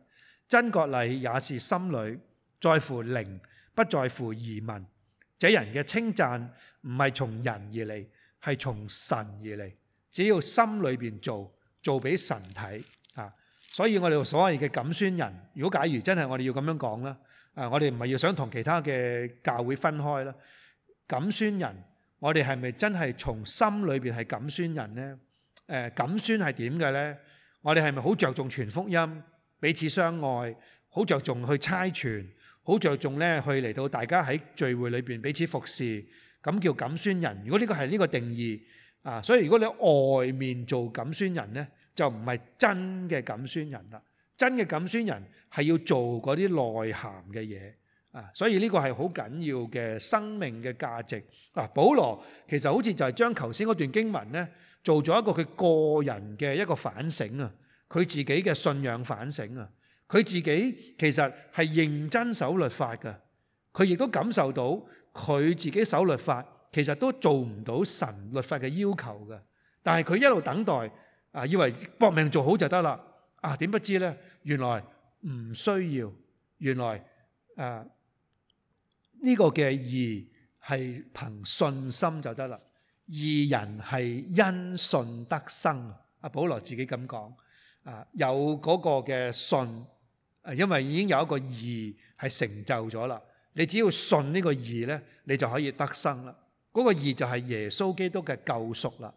真割禮也是心裏在乎靈，不在乎儀文。這人嘅稱讚唔係從人而嚟，係從神而嚟。只要心裏邊做，做俾神睇啊！所以我哋所謂嘅錦宣人，如果假如真係我哋要咁樣講啦，啊，我哋唔係要想同其他嘅教會分開啦。錦宣人，我哋係咪真係從心裏邊係錦宣人咧？誒，錦宣係點嘅咧？我哋係咪好着重傳福音？彼此相愛，好著重去差傳，好著重咧去嚟到大家喺聚會裏邊彼此服侍，咁叫錦孫人。如果呢個係呢個定義啊，所以如果你喺外面做錦孫人咧，就唔係真嘅錦孫人啦。真嘅錦孫人係要做嗰啲內涵嘅嘢啊，所以呢個係好緊要嘅生命嘅價值啊。保羅其實好似就係將頭先嗰段經文咧，做咗一個佢個人嘅一個反省啊。佢自己嘅信仰反省啊！佢自己其實係認真守律法㗎，佢亦都感受到佢自己守律法其實都做唔到神律法嘅要求㗎。但係佢一路等待啊，以為搏命做好就得啦啊！點不知呢，原來唔需要，原來啊呢個嘅義係憑信心就得啦。義人係因信得生啊！阿保羅自己咁講。啊！有嗰個嘅信，啊，因為已經有一個義係成就咗啦。你只要信呢個義呢，你就可以得生啦。嗰、那個義就係耶穌基督嘅救贖啦。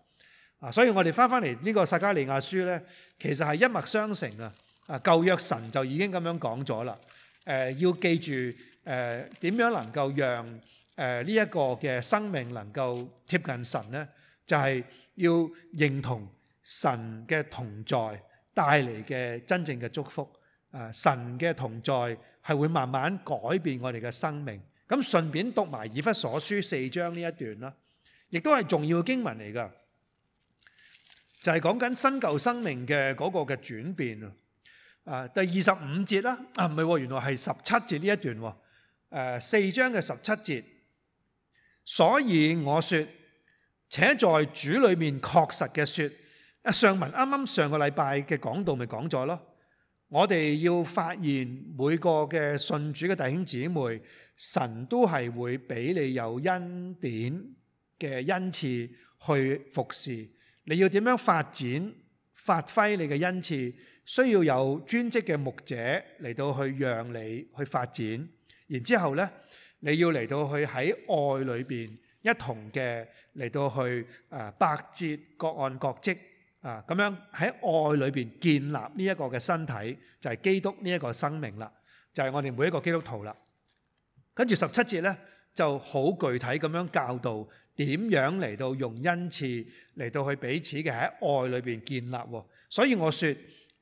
所以我哋翻翻嚟呢個撒迦利亞書呢，其實係一脈相承啊。啊，舊約神就已經咁樣講咗啦。誒、呃，要記住誒點、呃、樣能夠讓誒呢一個嘅生命能夠貼近神呢，就係、是、要認同神嘅同在。帶嚟嘅真正嘅祝福，誒、啊、神嘅同在係會慢慢改變我哋嘅生命。咁順便讀埋以弗所書四章呢一段啦，亦都係重要嘅經文嚟㗎，就係講緊新舊生命嘅嗰個嘅轉變啊！誒第二十五節啦，唔、啊、係、啊，原來係十七節呢一段喎。四、啊、章嘅十七節，所以我説，且在主裏面確實嘅説。上文啱啱上個禮拜嘅講道咪講咗咯，我哋要發現每個嘅信主嘅弟兄姊妹，神都係會俾你有恩典嘅恩賜去服侍。你要點樣發展、發揮你嘅恩賜？需要有專職嘅牧者嚟到去讓你去發展。然之後呢，你要嚟到去喺愛裏邊一同嘅嚟到去百節各按各職。啊，咁樣喺愛裏邊建立呢一個嘅身體，就係、是、基督呢一個生命啦，就係、是、我哋每一個基督徒啦。跟住十七節呢，就好具體咁樣教導點樣嚟到用恩賜嚟到去彼此嘅喺愛裏邊建立喎。所以我說，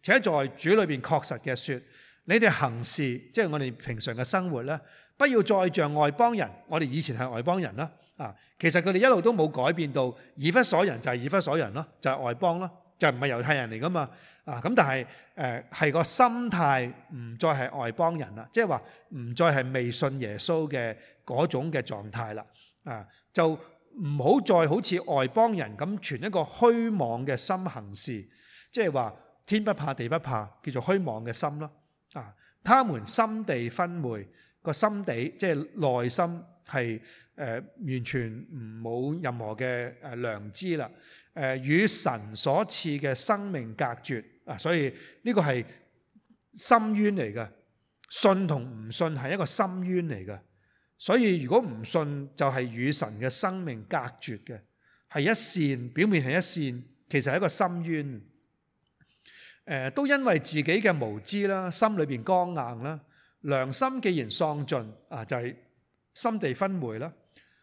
且在主裏邊確實嘅說，你哋行事即係、就是、我哋平常嘅生活咧，不要再像外邦人，我哋以前係外邦人啦，啊。其實佢哋一路都冇改變到，以弗所人就係以弗所人咯，就係外邦咯，就唔係猶太人嚟噶嘛。啊咁，但係誒係個心態唔再係外邦人啦，即係話唔再係未信耶穌嘅嗰種嘅狀態啦啊，就唔好再好似外邦人咁存一個虛妄嘅心行事，即係話天不怕地不怕，叫做虛妄嘅心咯。啊，他們心地昏昧，個心地即係內心係。誒，完全唔冇任何嘅誒良知啦，誒與神所賜嘅生命隔絕啊，所以呢個係深淵嚟嘅，信同唔信係一個深淵嚟嘅，所以如果唔信就係與神嘅生命隔絕嘅，係一線表面係一線，其實係一個深淵。誒，都因為自己嘅無知啦，心裏邊剛硬啦，良心既然喪盡啊，就係心地昏昧啦。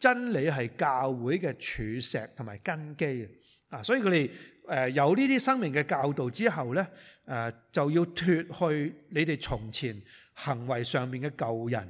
真理係教會嘅柱石同埋根基啊！所以佢哋誒有呢啲生命嘅教導之後呢，誒就要脫去你哋從前行為上面嘅舊人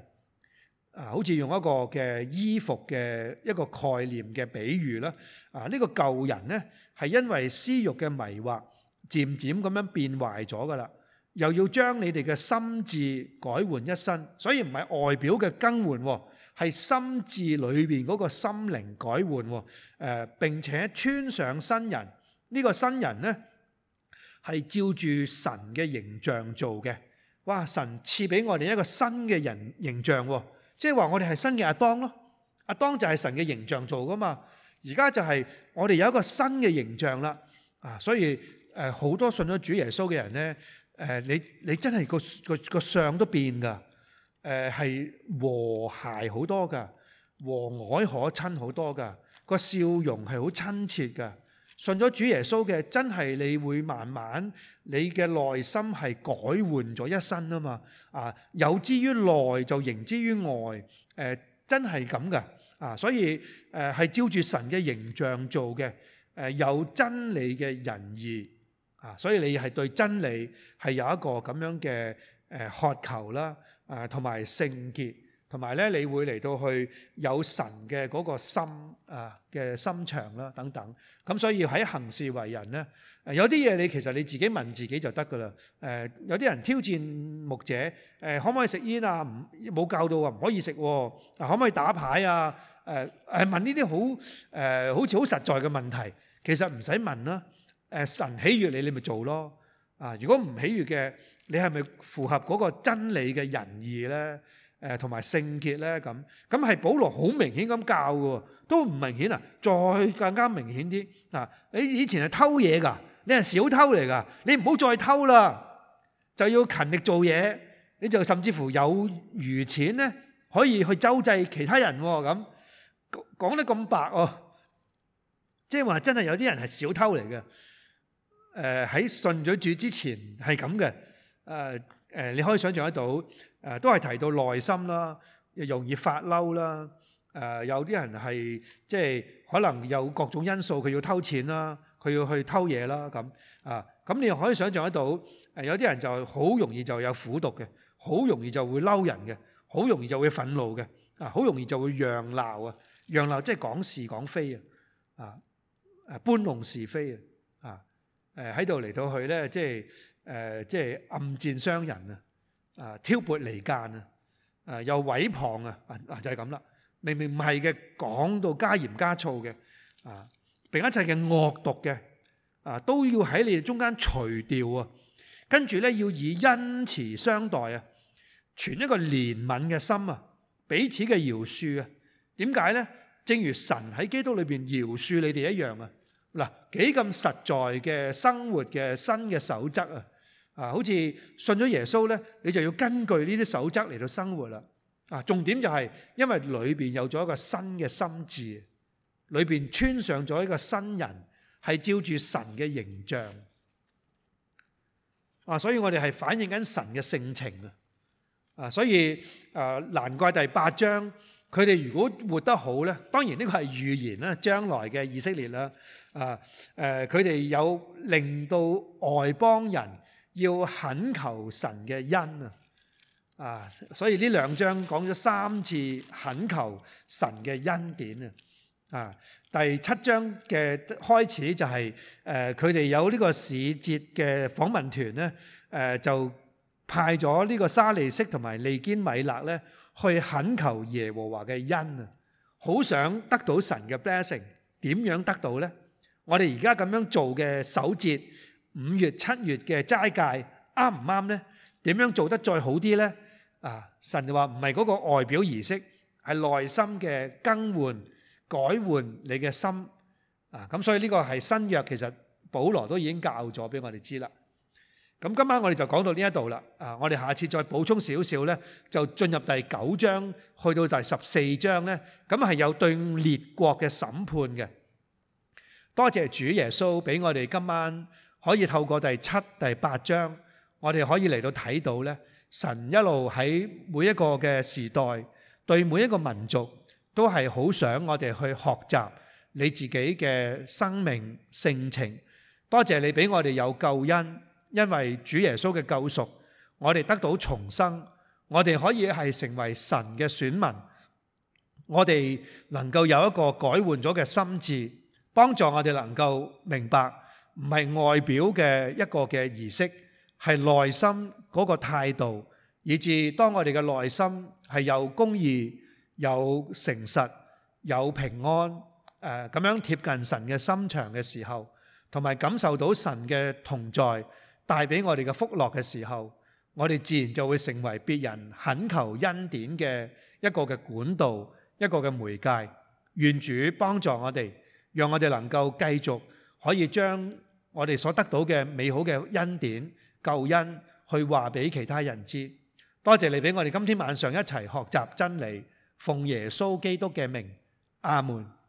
啊！好似用一個嘅衣服嘅一個概念嘅比喻啦啊！呢、呢個舊人呢係因為私欲嘅迷惑，漸漸咁樣變壞咗噶啦，又要將你哋嘅心志改換一新，所以唔係外表嘅更換喎。係心智裏邊嗰個心靈改換喎，誒、呃、並且穿上新人，呢、這個新人呢係照住神嘅形象做嘅。哇！神賜俾我哋一個新嘅人形象，哦、即係話我哋係新嘅阿當咯。阿當就係神嘅形象做㗎嘛，而家就係我哋有一個新嘅形象啦。啊，所以誒好、呃、多信咗主耶穌嘅人呢，誒、呃、你你真係個個個，個相都變㗎。誒係和諧好多噶，和藹可親好多噶，個笑容係好親切噶。信咗主耶穌嘅，真係你會慢慢你嘅內心係改換咗一身啊嘛！啊，有之於內就形之於外，誒真係咁噶啊！所以誒係照住神嘅形象做嘅，誒有真理嘅仁義啊，所以你係對真理係有一個咁樣嘅誒渴求啦。誒同埋聖潔，同埋咧你會嚟到去有神嘅嗰個心啊嘅心腸啦等等，咁所以喺行事為人咧，有啲嘢你其實你自己問自己就得㗎喇。誒、啊、有啲人挑戰牧者，誒、啊、可唔可以食煙啊？唔冇教導啊，唔可以食喎、啊啊。可唔可以打牌啊？誒、啊、係問呢啲、啊、好誒好似好實在嘅問題，其實唔使問啦。誒、啊、神喜悅你，你咪做咯。啊如果唔喜悅嘅。你係咪符合嗰個真理嘅仁義咧？誒、呃，同埋聖潔咧？咁咁係保羅好明顯咁教嘅，都唔明顯啊！再更加明顯啲嗱！你以前係偷嘢㗎，你係小偷嚟㗎，你唔好再偷啦，就要勤力做嘢。你就甚至乎有餘錢咧，可以去周濟其他人喎、哦。咁講得咁白哦、啊，即係話真係有啲人係小偷嚟嘅。誒、呃，喺信咗主之前係咁嘅。誒誒、呃，你可以想象得到，誒、呃、都係提到內心啦，容易發嬲啦，誒、呃、有啲人係即係可能有各種因素，佢要偷錢啦，佢要去偷嘢啦咁啊，咁你又可以想象得到，誒、呃、有啲人就好容易就有苦毒嘅，好容易就會嬲人嘅，好容易就會憤怒嘅，啊好容易就會讓鬧，讓鬧是說是說啊，讓鬧即係講是講非啊，啊誒搬弄是非啊，啊誒喺度嚟到去呢，即係。誒、呃，即係暗箭傷人啊！啊，挑撥離間啊！啊，又毀謗，啊！啊，就係咁啦。明明唔係嘅，講到加鹽加醋嘅啊，並一切嘅惡毒嘅啊，都要喺你哋中間除掉啊！啊跟住呢，要以恩慈相待啊，存一個憐憫嘅心啊，彼此嘅饒恕啊。點解呢？正如神喺基督裏邊饒恕你哋一樣啊！嗱，幾咁實在嘅生活嘅新嘅守則啊！啊，好似信咗耶穌咧，你就要根據呢啲守則嚟到生活啦。啊，重點就係因為裏邊有咗一個新嘅心志，裏邊穿上咗一個新人，係照住神嘅形象。啊，所以我哋係反映緊神嘅性情啊。啊，所以啊，難怪第八章佢哋如果活得好咧，當然呢個係預言啦，將來嘅以色列啦。啊，誒，佢哋有令到外邦人。要懇求神嘅恩啊！啊，所以呢兩章講咗三次懇求神嘅恩典啊！啊，第七章嘅開始就係誒，佢哋有呢個使節嘅訪問團咧，誒就派咗呢個沙利色同埋利堅米勒咧去懇求耶和華嘅恩啊！好想得到神嘅 blessing，點樣得到呢？我哋而家咁樣做嘅首節。五月七月嘅齋戒啱唔啱咧？點樣做得再好啲咧？啊，神就話唔係嗰個外表儀式，係內心嘅更換改換你嘅心啊！咁所以呢個係新約，其實保羅都已經教咗俾我哋知啦。咁今晚我哋就講到呢一度啦，啊，我哋下次再補充少少咧，就進入第九章去到第十四章咧，咁係有對列國嘅審判嘅。多謝主耶穌俾我哋今晚。可以透過第七、第八章，我哋可以嚟到睇到咧，神一路喺每一個嘅時代，對每一個民族都係好想我哋去學習你自己嘅生命、性情。多謝你俾我哋有救恩，因為主耶穌嘅救贖，我哋得到重生，我哋可以係成為神嘅選民。我哋能夠有一個改換咗嘅心智，幫助我哋能夠明白。唔係外表嘅一個嘅儀式，係內心嗰個態度，以至當我哋嘅內心係有公義、有誠實、有平安，誒、呃、咁樣貼近神嘅心腸嘅時候，同埋感受到神嘅同在，帶俾我哋嘅福樂嘅時候，我哋自然就會成為別人懇求恩典嘅一個嘅管道、一個嘅媒介。願主幫助我哋，讓我哋能夠繼續。可以將我哋所得到嘅美好嘅恩典、救恩，去話俾其他人知。多謝你俾我哋今天晚上一齊學習真理，奉耶穌基督嘅名，阿門。